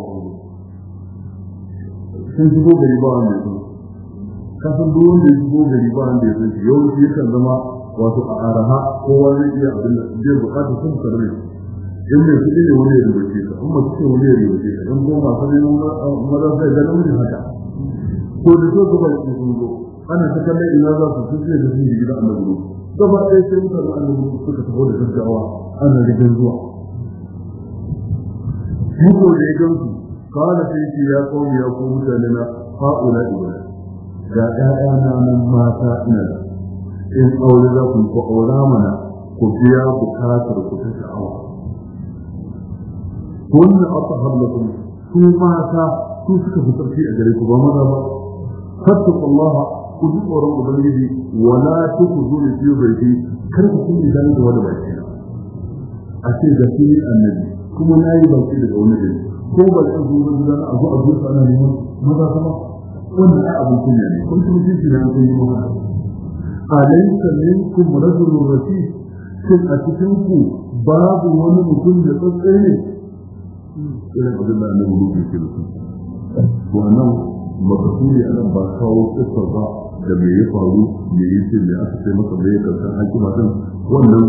sun shigo gari ba gari ba zama wato a araha kowa zai iya abin da zai bukata sun sarari in mai kuɗi ne wani ya rubuce ka in masu ce wani ya rubuce ka don kuma masu neman maza zai ga namijin haka ko da so gaba da sun zo ana ta kallon ina za su sun da sun jigila annabi ne gaba ɗaya sai mutane annabi suka taho da gaggawa ana rigar zuwa shi ko da ya gamsu kawai sai ce ya kawo ya ko mutane na fa'ula ɗaya ga ‘ya'yana nan mata ina da in aure za ku ku aura mana ku biya bukatar ku ta sha'awa kunna atahar kuma su mata su suka fi tsarki a gare ku ba maza ba fattakullaha ku ji tsoron ubangiji wala bai fi baiti kar ku kun idan da wani baki a ce da shi annabi kuma na yi baki daga wani gari ko ba da zuwa zuwa a zo a zuwa ana neman maza kuma wannan abin kunya ne kun kuma shi ne an yi mawa alaysa minkum rajulun rashid shin a cikin ku babu wani mutum da tsatsa ne irin abin da annabi Nuhu ke da su to anan makasuri anan ba kawo kissa ba da me ya faru me yace me aka sai masa me ya kasan hakima din wannan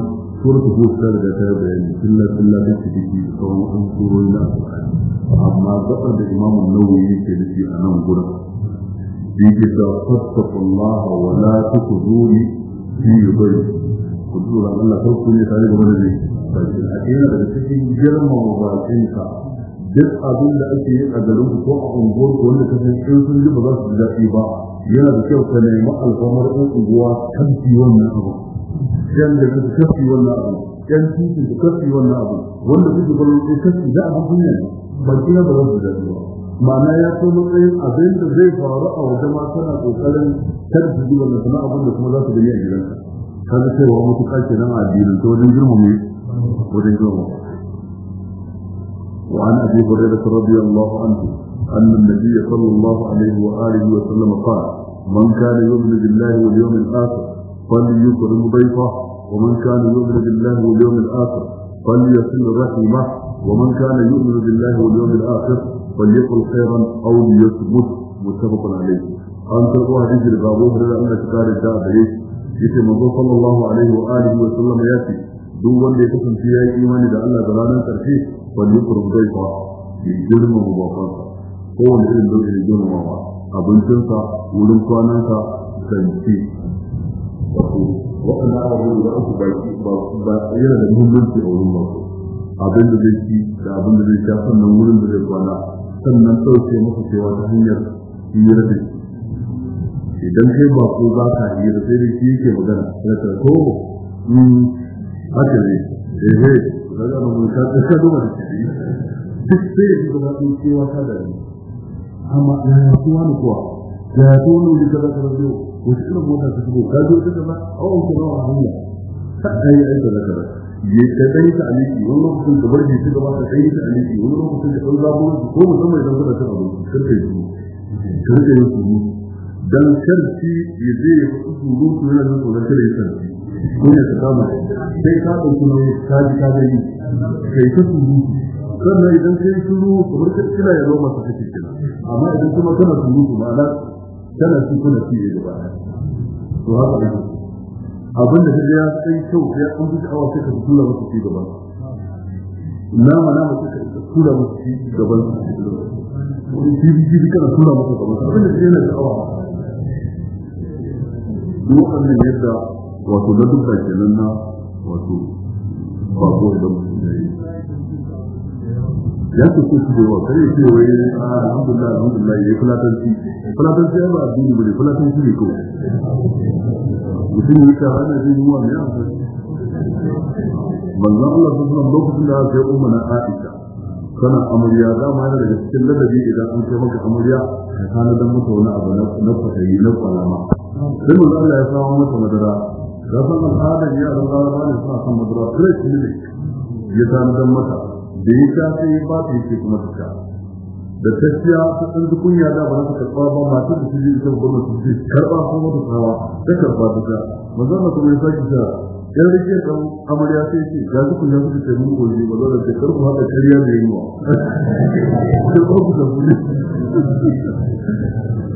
suratul hud ta riga ta bayani illa illa da take ciki kawai an surori na amma gabar da imamu nawawi ke da shi a nan gurin yake da fattakullah wa la tukuzuni fi yubayyi ku dora Allah ko ku tare da wani ne a kai da cikin girma ba duk abin da ake yi a garin ko a unguwar ko wanda kasan in sun ji ba za su ji daɗi ba yana da kyau ka nemi alfamar unguwa kanti wannan abu yan da wannan abu yan wannan abu wanda ba ba ba ma'ana ya kai matsayin abin da zai faru a wajen ma tana kokarin kada su ji wannan sana abin da kuma za su gani a gidansa kaga cewa mutuka kenan a addinin ta wajen girmame wajen girmama وعن أبي هريرة رضي الله عنه أن النبي صلى الله عليه وآله وسلم قال من كان يؤمن بالله واليوم الآخر فليكرم ضيفه ومن كان يؤمن بالله واليوم الآخر فليصل رحمه ومن كان يؤمن بالله واليوم الآخر فليقل خيرا أو ليصمت متفق عليه an karɓo hadisi daga Abu Hurairah Allah ya kare ta da yake yace manzo sallallahu alaihi wa alihi wa sallam ya ce duk wanda ya kasance ya yi imani da Allah da ranar karshe wal yukrim dayfa bi wurin kwanan sa sanci wato waɗanda aka da aka baki ba yana da muhimmanci a wurin ba abin da zai ci da abin da zai sha sannan wurin da zai kwana sannan ɗauke masa cewa ta hanyar hira da idan kai ba ko ba ka hira sai da shi yake magana da ta ko mm, haka ne ehe eh, daga ba ka ta duba da shi duk sai da ba ku cewa ka da ni amma ya kuwa ne kuwa ya to ne da ka da ko shi ne mota ta shigo ka zo ta ba a wannan hanya sai ai da ka ya ta dai ta aliki wani lokacin da barji su gaba ta dai ta aliki wani lokacin da ɗan zabo su ko musamman idan suna cin abinci karfe su karfe su dan karfi ya zai yi fi surutu yana da tsoron kare ya sarki ko ne ta kama sai ka ɗauki nauyi ta ji ta gani kai ta surutu sannan idan kai suru kamar ka kira ya roma ta kake kira amma idan kuma kana surutu ma'ana tana su kuna fiye gaba to haka ake abin da kaga ya kai kyau ya an bi awa sai ka tura musu ci gaba. nama nama sai ka tura musu ci gaban ci ci ci kana tura musu gaban abin da kaga yana awa duk annan yadda wato na duka kenan na wato ba ko da mutum ya ce ko su yawa kare ce wai ah, alhamdulillah alhamdulillah ya fulatanci fulatanci ba addini bane fulatanci ne kawai mutum ya tara ana jin yunwa mai amfani manzon Allah sun suna lokacin da aka yi Umar na Aisha kana amarya dama yana daga cikin ladabi idan an kai maka amarya ka tana dan mata wani abu na kwatayi na kwalama sai manzon Allah ya samu mata madara da san al'adar yaran larabawa ne suna san madara kare ne ya tana dan mata da ya ta sai ba ta yake kuma ta da tafiya ta ɗan kunya da ba za ta karɓa ba masu da su yi ita su ce karɓa ko mata tsawa ta karɓa ta ta manzan na kuma ya sake ta yan rike ɗan amarya sai ce ga su kunya suka ce mun koyi ba za ta karɓa haka ƙarya da yawa su ga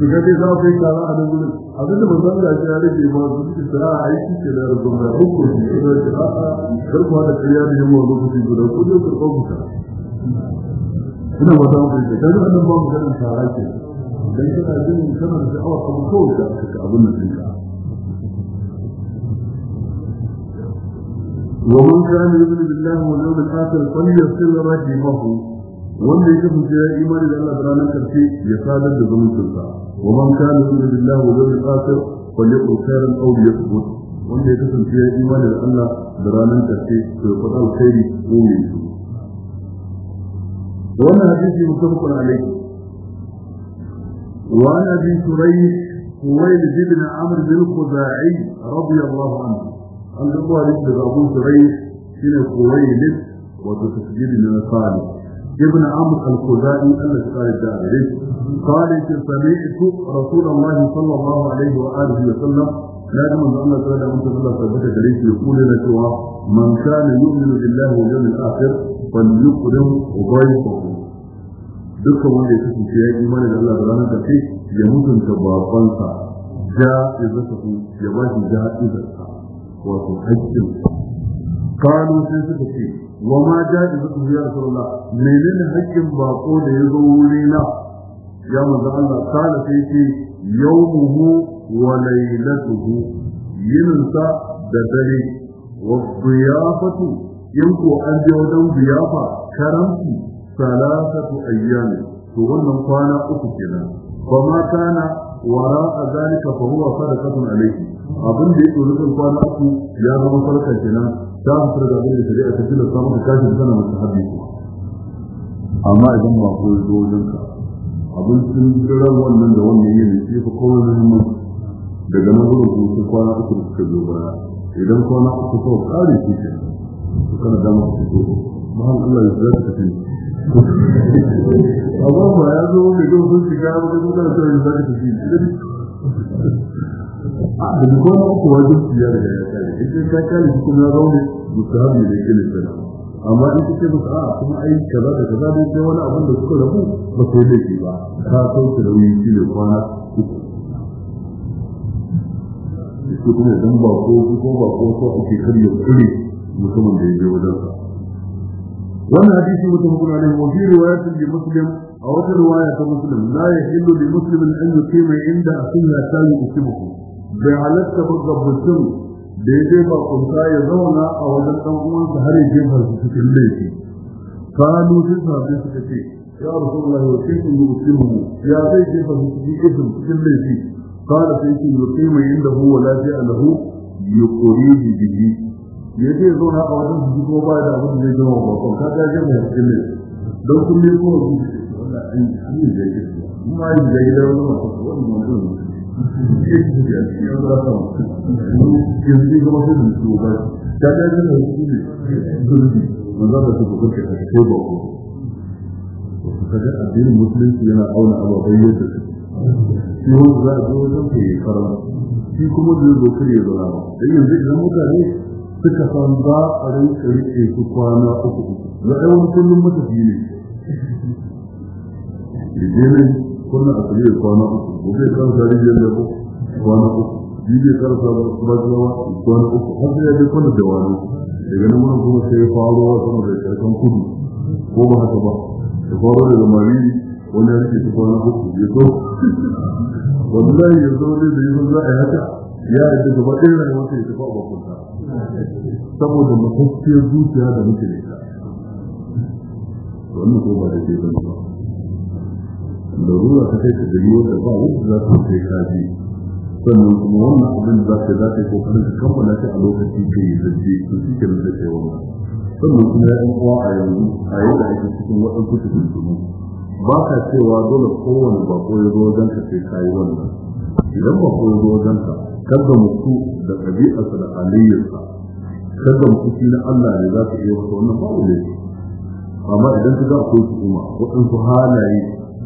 dai za ku yi kara a nan gudun abin da manzan da ya rage ma su ce ta a aiki ce da rabon da hukun su ce a'a karɓa da ƙarya da yawa lokacin guda ko dai karɓa ku ta ina ba zan fahimta ta zuwa nan ba mu ganin tara ke dan kana jin kana da sha'awa abu kawai da aka abin nan ɗinka ومن كان يؤمن بالله واليوم الآخر فليصل رحمه wanda ya kasance ya imani da Allah da ranar karshe ya sadar da zumuncinsa wa man kana yu'minu billahi wal yawmil wanda ya kasance ya imani da Allah da ranar karshe ya wannan hadisi mutabakun alaihi wa an abi shuraih huwail ibn amr bin khuzai radiyallahu anhu an dubo hadisi daga abu shuraih shine huwail wato tasjidi na salih ابن عمرو الخزاعي الذي قال الداري قال سمعت رسول الله صلى الله عليه واله وسلم na ji manzo Allah sai da mun tsalla sabbata da rai ke kula da cewa man kana yu'minu billahi wal yawmil akhir falyukrim ghayruhu dukkan wanda ya kasance ya yi mana da Allah da ranar karshe ya mutunta babansa ja ya zaka ku ya bashi shi ja idarsa wato haƙƙin kanu sai suka ce wa ma ja izatu ya rasulullah menene haƙƙin bako da ya zo wurina ya manzo Allah kana sai ce yawmuhu wa lailatuhu yininsa da dare in ko an je wajen ziyafa karamci salasatu ayyami to wannan kwana uku kenan kuma na wara a zalika fa huwa sadaqatun alayhi abin da yake rubutun kwana uku ya zama farka kenan Ta mu fara da abin da shari'a ta tilasta maka kashi sana masa hadisi amma idan ba ku zo wajen abin sun jira wannan da wannan yin shi fa kowa ne daga nan gurin kuma kwana uku da suka biyo idan kwana uku kawai ƙari shi ke su kana damar su ko mahan Allah ya zai ka tafi amma ba ya zo mai gaba sun shiga ba kai kuma kana sai ya zai ka a daga kwana uku wajen su ya daga ya kare ita ta kare shi kuma ya zaune musahabi da ya kele sana amma in kuke musu a kuma ai kaza da kaza dai sai wani abin da suka rabu ba sai laifi ba ka sauke rauni shi ne kwana uku da shi kuma idan ba ko ko ba ko so ake karya kure musamman da ya je wajen sa wannan hadisi mutum kuna ne wa bi riwayat li muslim a wata riwaya ta muslim la yahillu li muslimin an yuqima inda asiya ta yuqimuhu bai halatta ba ga mutum da ya je ba kunta ya zauna a wajen dan uwansa har ya jefa su cikin laifi kanu sai sabbin suka ce ya rasulullahi wa kuntum muslimu ya zai je farsu cikin laifi قال سيتي يقيم عنده ولا شيء له يقريه به yace zo na a wajen su ko ba da abin zai zama ba ka ga mai hakkin ne don kun ne ko wannan an yi da yake kuma yi da yake da wannan ko wannan mutum ne yake da shi ya da ba addinin musulunci yana auna ababai yadda shi wani za a zo wajen ku yi shi kuma da zo kare ya zama da yanzu idan mutane suka san ba a rinka rike su kwana uku kullum ne rijiyar kullum a kare kwana uku gobe karanta rijiyar da ku kwana uku rijiyar karanta ba su ba jawa kwana uku har sai ya je kwana da wani daga nan wurin kuma sai ya faro wata mai karkan kudu ko ba haka ba ya faro daga mariri wani rike su kwana uku ya ya zo ne da yanzu za a yi haka ya yi daga ba irin da wata ya tafi a bakunta saboda matakkiyar zuciya da muke da wannan ko ba da ke ban ba larura ta kai ta gari wanda ba wanda za ta kai kaji sannan kuma wannan abin da za za ka yi kokarin ka kammala a lokaci ka yi zanje to shi ke nan da kai wannan sannan kuma ya yi uwa a yanzu a yau da ake cikin waɗansu tukuntunan ba ka cewa dole kowane bako ya zo wajen ka sai kayi wannan idan bako ya zo wajen ka kada mutu da ɗabi'arsa da halayyarsa kada mutu na Allah ne za ka iya masa wannan babu ne amma idan ka ga akwai tuhuma waɗansu halaye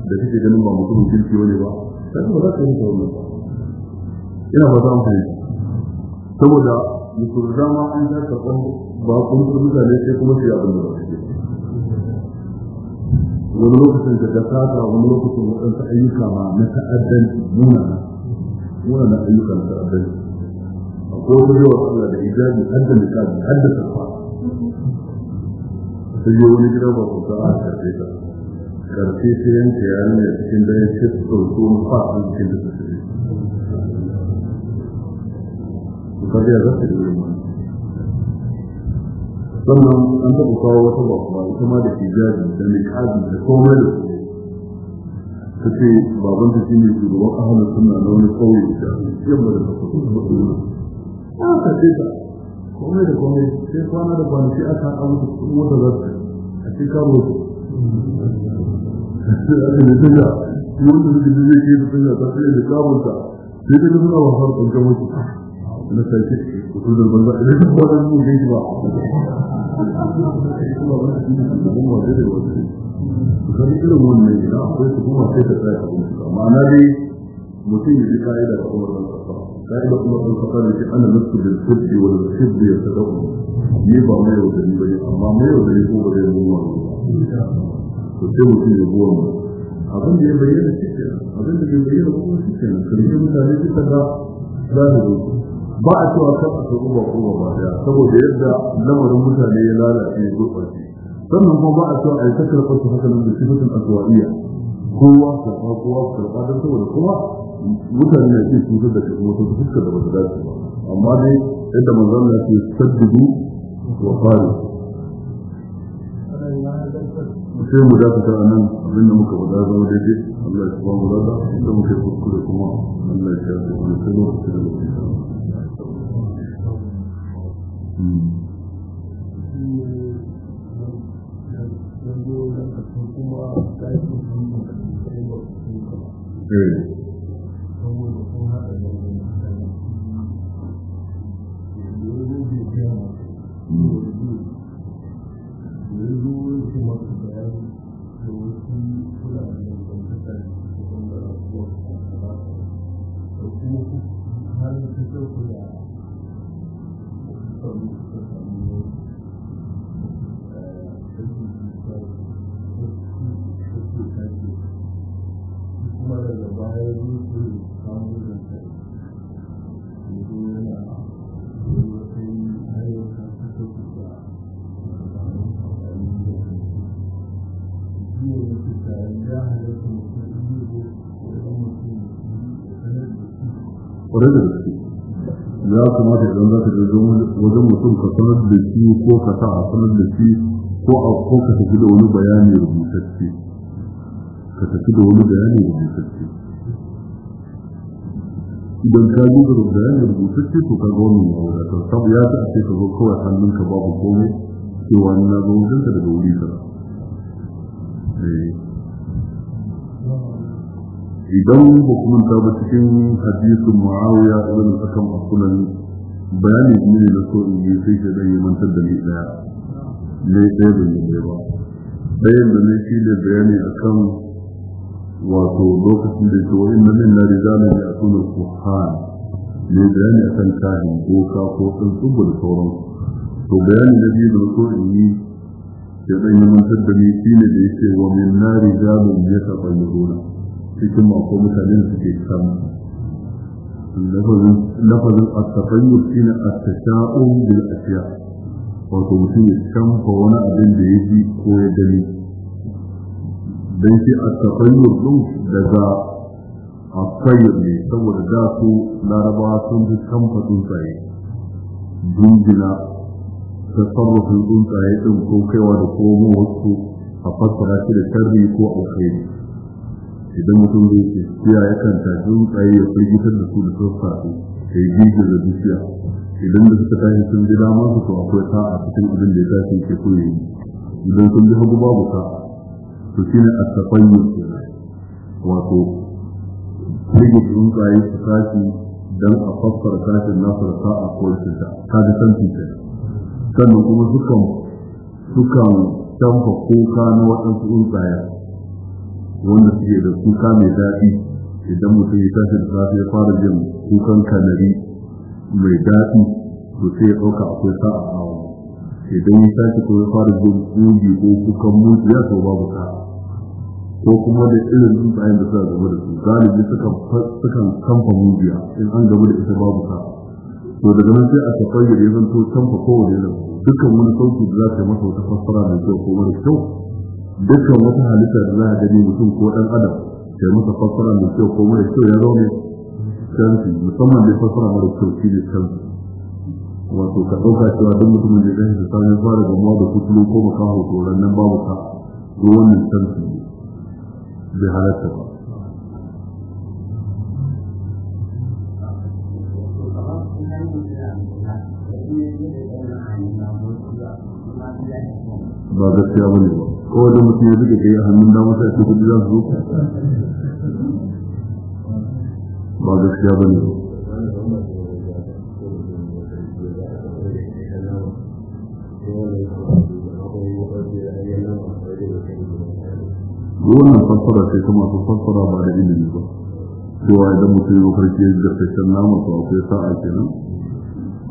da kake ganin ba mutum kirki wani ba kada ba za ka yi masa wannan ba ina ba za mu fahimta saboda mutum dama an ta karɓar bakon mutane sai kuma sai abin da ba su wani lokacin da dafata wani lokacin waɗansu ayyuka ma na ta'addanci muna muna na ayyuka na ta'addanci akwai wani yawan Allah da ijabi hadda misali hadda safa sai yi wani gida ba ku sa'a a karfe ta karfe sai yanke yaron ya cikin dare sai su sauko wani fa'a cikin da su su ne. Ku kaji a zafi da wani sannan an taɓa kawo wata bakuwa ita ma da hijabi da kaji da komai da ta ce baban ta shi ne shugaban ahalin suna na wani kauye da yamma da ta da kuma a ka ce ta komai da komai sai kwana da kwanaki aka haɗa ta kuɗin wata za ta a ce karo ta sai aka ne ta ga wanda suke zai ke ta ga ta sai da ta sai ta ga suna wasan ƙanƙan wasu na sarki su da banza da duk wannan mun ga shi ba irin wannan gida akwai su kuma sai ta tsaya a gudu ma'ana dai mutum ya ji ka'ida da kuma zan kafa ka'ida kuma zan kafa da shi ana nasu da sirri wani sirri ya saka ku ne ba mai yau gari ba ne amma mai yau gari ko ba zai ruwa to sai mutum ya ruwa mu abin da ya bayyana shi kenan abin da bai bayyana kuma shi kenan kirgin mutane suka ga zahiri ba a cewa kan a tafi ba kuma ba da saboda yadda lamarin mutane ya lalace ya gurɓace sannan kuma ba a cewa a yi ta karɓar haka nan da sifatin kowa karɓa kowa karɓa don saboda kowa mutane na iya cutar da kuma wata fuskar da ba dace ba amma dai yadda manzon na ce saddudu wa fari sai mu dakata a nan abinda muka faɗa zama daidai Allah ya ba mu lada inda muka kuskure kuma Allah ya shafi wani sai lokacin da mutum Yeah. Hmm. daga baya ya zo su kawo da yana wasu ayyuka ta tafi da da ya mutum yi ko ɗan mutum ya da su gaske ya kamata idan za ka je wajen mutum ka sanar da shi ko ka sa a sanar da shi ko ko ka tafi da wani bayani rubutacce ka tafi da wani bayani rubutacce idan ka yi da bayani rubutacce to ka ga wannan ya wadatar sabu ya ta ce ka zo kawai hannunka babu komai cewa ni na zo wajenka daga wuri ka. Eh. idan hukumar ta ba cikin hadisin muawiya ibn al-hakam akulan bayanin ne na so in yi sai da zai mantar da ni daya ne sai da ni ba bayan da ne shi ne bayani kan. wato lokacin da ke wa'in nan na rijalan ya tuna kuhan ne bayani a kan kahin boka ko tsuntsubu da sauran to bayani na biyu da so in yi ya ɗan yi mantar da ni shi ne da ya ce wa min na riga rijalan ya taɓa yi rona cikin mako mutanen suke kama لفظ التطيب إلى التشاؤم بالأشياء wato mutum ya canfa wani abin da ya ji ko ya gani don shi a tafayyar ɗin daga a tsayyar ne saboda da su laraba sun fi kamfa tsuntsaye dundina ta sarrafin tsuntsaye din ko kaiwa da komo wasu a fassara shi da sharri ko alkhairi idan mutum zai ce siya yakan ta tsuntsaye ya firgitar da su da sassafe da yi jirgin da dukiya idan da suka tashi sun ji damar su to akwai a cikin abin da ya tashi ke koyi idan sun ji hagu babu sa'a to shi ne asafayyu wato rage tsuntsaye su tashi don a fassara tashin nasar sa'a ko shida ta kada san tuta sannan kuma sukan sukan canfa kuka na waɗansu tsuntsaye wanda suke da kuka mai daɗi idan mutum ya tashi da safe ya fara jin kukan kanari mai daɗi to sai ya ɗauka akwai sa'a a idan ya tashi ko ya fara jin ƙugi ko kukan mutu ya to babu sa'a ko kuma da irin tsuntsayen da suna gaba da su galibi sukan kamfa mujiya in an gaba da ita babu ka to daga nan sai a tafayyar ya zanto kamfa kowane nan dukkan wani sauki da za ka yi masa wata fassara mai kyau ko mara kyau dukkan wata halitta da za a gani mutum ko ɗan adam ka yi masa fassara da kyau ko mara kyau ya zaune canfi musamman da fassara mara kyau shi ne canfi wato ka ɗauka cewa duk mutumin da ya ɗan da samun fara gamuwa da kutulu ko makaho to nan babu ka to wannan canfi ne bai halatta ba ba gaskiya bane ba ko mutum ya kai hannun dama sai su kudi za su zo ba gaskiya ba wannan fassara sai kuma masu fassara ba da ilimi ba cewa idan mutum ya farki ya da fashen nama to akwai sa'a kenan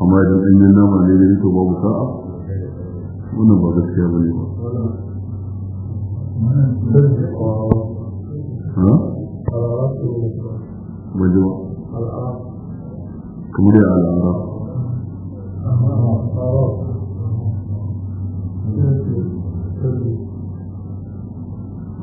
amma idan an yi nama ne da ito babu sa'a wannan ba gaskiya ba ne ba da Thank you.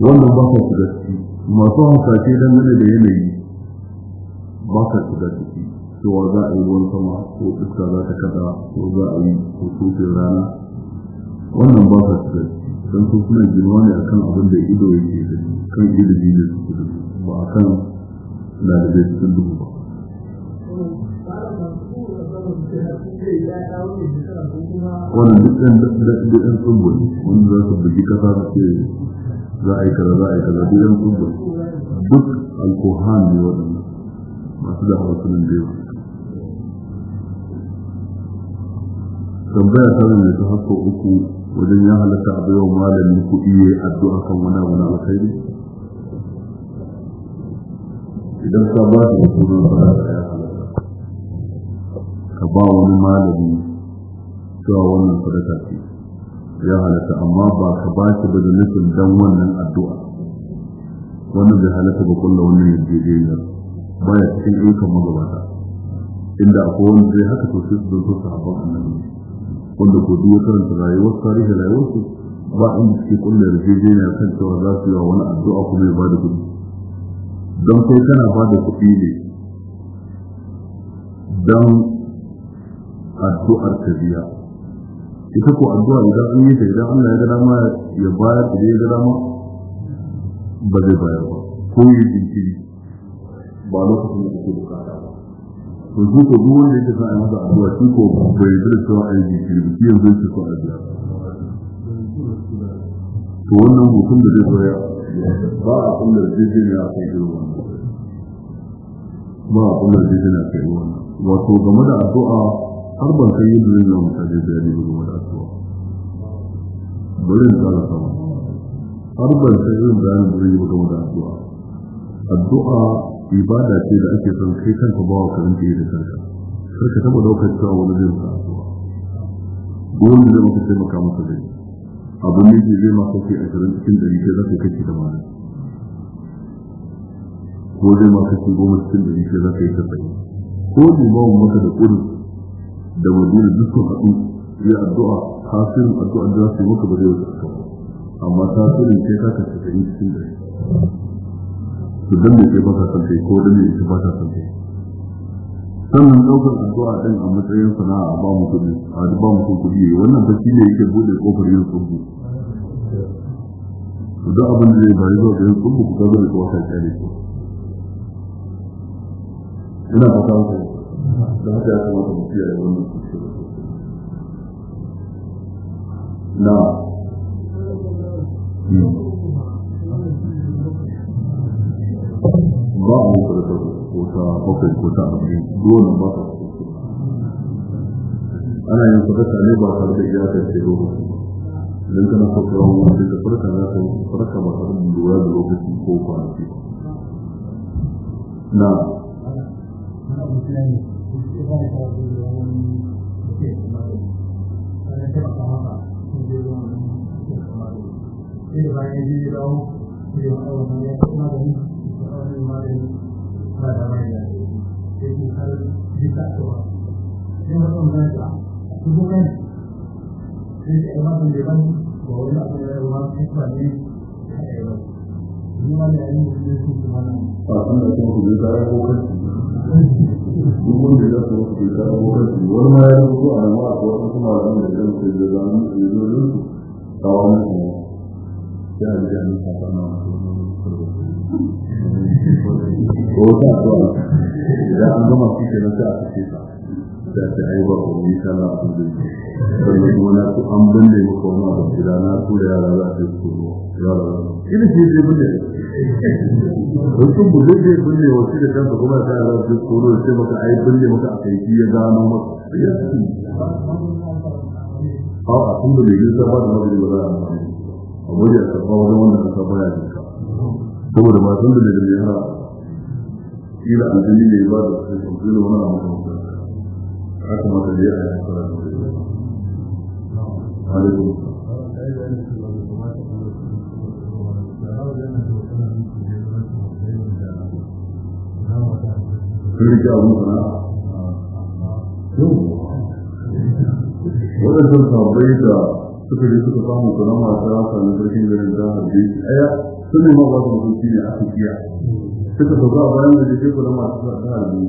wannan ba ka shiga ciki masu hasashe don nuna da yanayi ba ka shiga ciki cewa za a yi ruwan sama ko iska za ta kada ko za a yi hukuncin rana wannan ba ka shiga ciki don su suna girma ne a kan abin da ido yake da kan ido da suke da ba a kan lalabai cikin duhu ba wannan duk ɗan ɗan ɗan ɗan wanda za su bugi kasa su ce za a yi kaza za a yi kaza biyan yan duk alkohan ne waɗanda masu da hawa sunan da yawa tambaya ta mai ta haka uku wajen ya halatta a bayan malami kuɗi ya yi addu'a kan wani wani alkhairi idan ka ba da wasu ruwan ba za ka ya halatta ka ba wani malami cewa wannan sadaka ce ya halatta amma ba ka ba shi ba da nufin dan wannan addu'a wannan bai halatta ba kulla wannan yarjejeniya ba ya cikin ayyukan magabata inda akwai wanda zai haka to sai su zo sahabban annabi wanda ko duk karanta rayuwar tarihi rayuwar su ba inda suke kulla yarjejeniya kan cewa za su yi wa wani addu'a kuma ya ba da kuɗi don kai kana ba da kuɗi ne don addu'ar ta biya ita ko addu'a idan an yi ta idan Allah ya ga dama ya bayar da ya ga dama ba zai bayar ba ko yi jinkiri ba lokacin da kake bukata ba to shi ko duk wanda yake sa a masa addu'a shi ko bai da cewa ai jinkiri ba shi yanzu yake so addu'a to wannan mutum da zai koya ba a kullar jirgin ya kai irin wannan ba a kullar jirgin ya kai wannan wato game da addu'a har ban san yadda zai zama mutane bayani ba game da addu'a bari in kala sama har ban san irin bayanin da zai yi ba game da asuwa. addu'a ibada ce da ake son kai kanka bawa karin karanta yi da kanka kar ka taɓa ɗaukar cewa wani zai maka asuwa. dole zai maka taimaka masa zai abin da ke zai maka kai ashirin cikin ɗari ke za ka kashe da mana ko zai maka kai goma cikin ɗari ke za ka yi ta tsaye ko zai ba maka da ƙurin da madina dukkan haɗu ya addu'a tasirin addu'a da za su maka ba zai wuce ka amma tasirin sai ka ka tafi cikin da su dan da ke ba ka san kai ko dan ne ke ba ka san kai sannan ɗaukar addu'a ɗin a matsayin sana'a ba mu kuɗi a ba mu kuɗi wannan ba shi ne yake buɗe ƙofar yin tsubu duk abin da zai bari zuwa ga yin tsubu ku ga zai kuwa kan kyale ina fata ku da haka ya kamata mu kiyaye wannan na hmm. ba a da ko ta bakwai ko ta dole ba ana yin sadaka ne ba tare da ce lokaci idan kana wani da farka za ka farka ba tare da lura da lokaci ko kwanaki na da bayan yi da kuma da ni da kuma kuma kuma mun da wasu ke ta abokan su wani ma ya zo a nan a wasu kuma da ya da zan yi zo da su ta wani kuma ya da ta fara ko ta to da an gama shi ke nan a ce ta da ai ba ko ni a cikin kuma na ku an na ku da yara za su yi yara ina ce ce rukun bu zai zai binne wasu da kuma ta yi rafi koro sai maka ai binne maka a kai ya gano maka ya ci a a kun da bai sa ba da magani ba za a amfani a gode a karɓa wajen wanda ka sa baya ne ka saboda ba sun da daga mai hana kila ne ba da kai kan kila wani abu kan ka haka maka ne a yi karatu alaikum sun rike abin sana'a waɗannan sabai da suka je suka samu sunan masu rasa na sarkin garin da harbe shi aya sun ma ba su mutunci ne a ya. suka sauka a bayan da jike kuna masu rasa harbe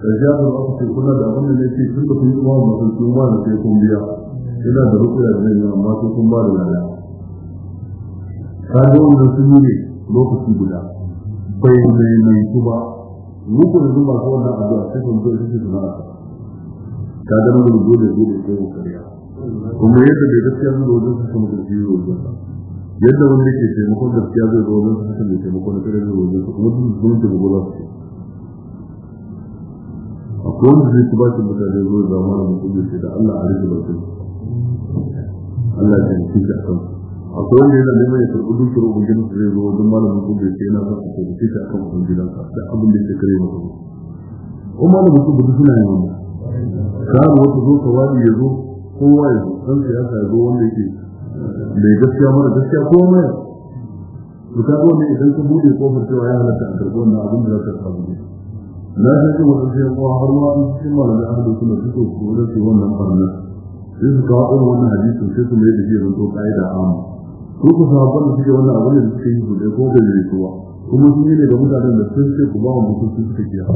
da ya da aka ce kuna da abin da ne ke, sun kuma kun kuma mutunci ma da sai kun biya yana da rukuya da zai amma sai kun ba da lada ka ga wannan sun yi ne lokaci guda bai mai mai kuma muku da sun abu wannan addu'a sai sun zo su zama a ka ga mun gode gode sai kariya kuma yadda da gaskiya zuwa wajen su kuma gaskiya zuwa wajen yadda wanda yake taimakon gaskiya zai zo wajen su kuma taimakon da kare zuwa wajen kuma duk sun ta gobe za su akwai wanda zai ci bashi mutane zuwa zamanin mutum da Allah a rike bakin Allah ya taimake shi a kansu akwai wanda yana neman ya karɓi dukkan ubangin su zai zo wajen malamin kudu ya ce yana za su taimake shi akan ubangidansa da abin da ya kare masa ko malamin kudu suna yin wannan kawo wata zo kawai ya zo kowa ya zo dan siyasa ya zo wanda yake mai gaskiya mara gaskiya ko mai to ka zo ne idan ka buɗe kofar cewa ya halatta a karɓi wannan abin da za ka samu ne na san cewa wata sai kowa har ma an cikin malamin ahalin suna suka kuma da su wannan barna sai su kawo irin wannan hadisin sai su mai da shi zan to ka'ida amma su ku sabon da suke wannan abin da suke yi su dai ko da ne kuwa kuma sun yi ne ga mutanen da sun ce ku ba mu mutum su suka kiya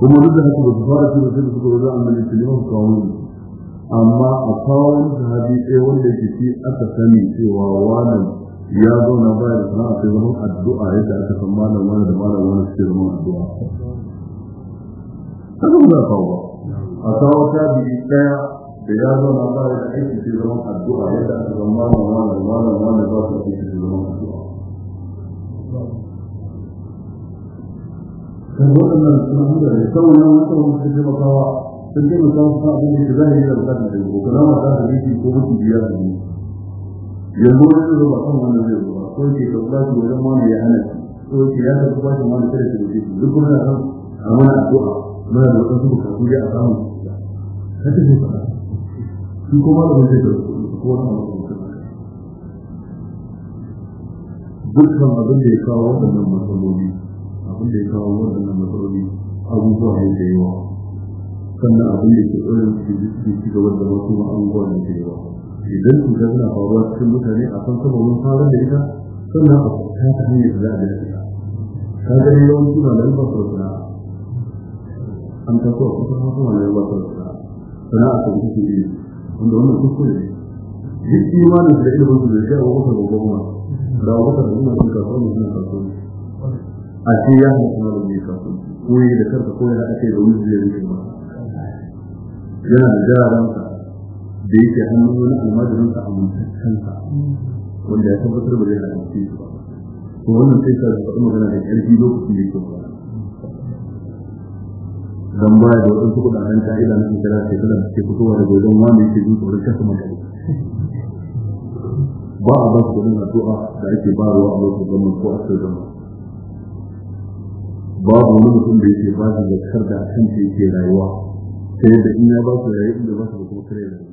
kuma duk da haka ba su fara cewa sai da suka zo an mani kiliman kawo ne amma a kawo wani sahabi ɗaya wanda yake shi aka sani cewa wannan ya zauna ba da sana'a sai zaman addu'a yadda aka san malam wani da malam wani suke zaman addu'a haka ba za kawo ba a kawo biyu ɗaya da ya zama ba da aiki sai zaman addu'a yadda aka zama wani wani wani ba su aiki sai zaman addu'a kan nan suna hanga da sauran wata wani sun taimakawa sun taimakawa su abin da za a yi da bukatar da ko kana mata da yake ko mutu biya da ni yanzu wani zai ba kan wannan zai ba ko ke ka shi wajen wani ya hana ko ke ya ka buƙaci kare kada ka buƙaci duk kuma na san a wani addu'a mana da wasu bukatu ya a samu ka tafi faɗa shi kuma da wanda da ko na dukkan abin da ya kawo waɗannan matsaloli abin da ya kawo waɗannan matsaloli abubuwa ne da yawa sannan abin da ke tsoron su ke ci gaba da wasu abubuwa ne da yawa idan su ga suna faruwa cikin mutane a san sababin farar da ita sannan a ta ta hanyar da za a dace ta ka ga yawanci malamin ba su sana'a an taso a kusa hasu malamin ba su sana'a sana'a ta ita ce wanda wannan kuskure ne duk imanin da ilimin su da shi abu bakar babban ma da abu bakar da sun kasuwa ne suna kasuwa a ce ya hana kuma da mai kasuwa ko yi da karka ko ya haɗa kai da wani zai rufe ma yana da jararansa da yake hannun wani almajirinsa a mutuntansa wanda ya tabbatar ba zai haɗa kai ba ko wannan sai ka faɗi magana da ƙarfi lokacin da yake ba don baya da wadansu kudaden ka'ida na shekara shekara da ke fitowa da gudun wani ke jin tsoron kasa mata ba a ba su kudin addu'a da ake ba ruwa a lokacin zaman ko a sai zaman babu wani mutum da yake ba shi zakar da kan yake rayuwa sai da in ya ba su rayu inda ba su da kuma kare rayuwa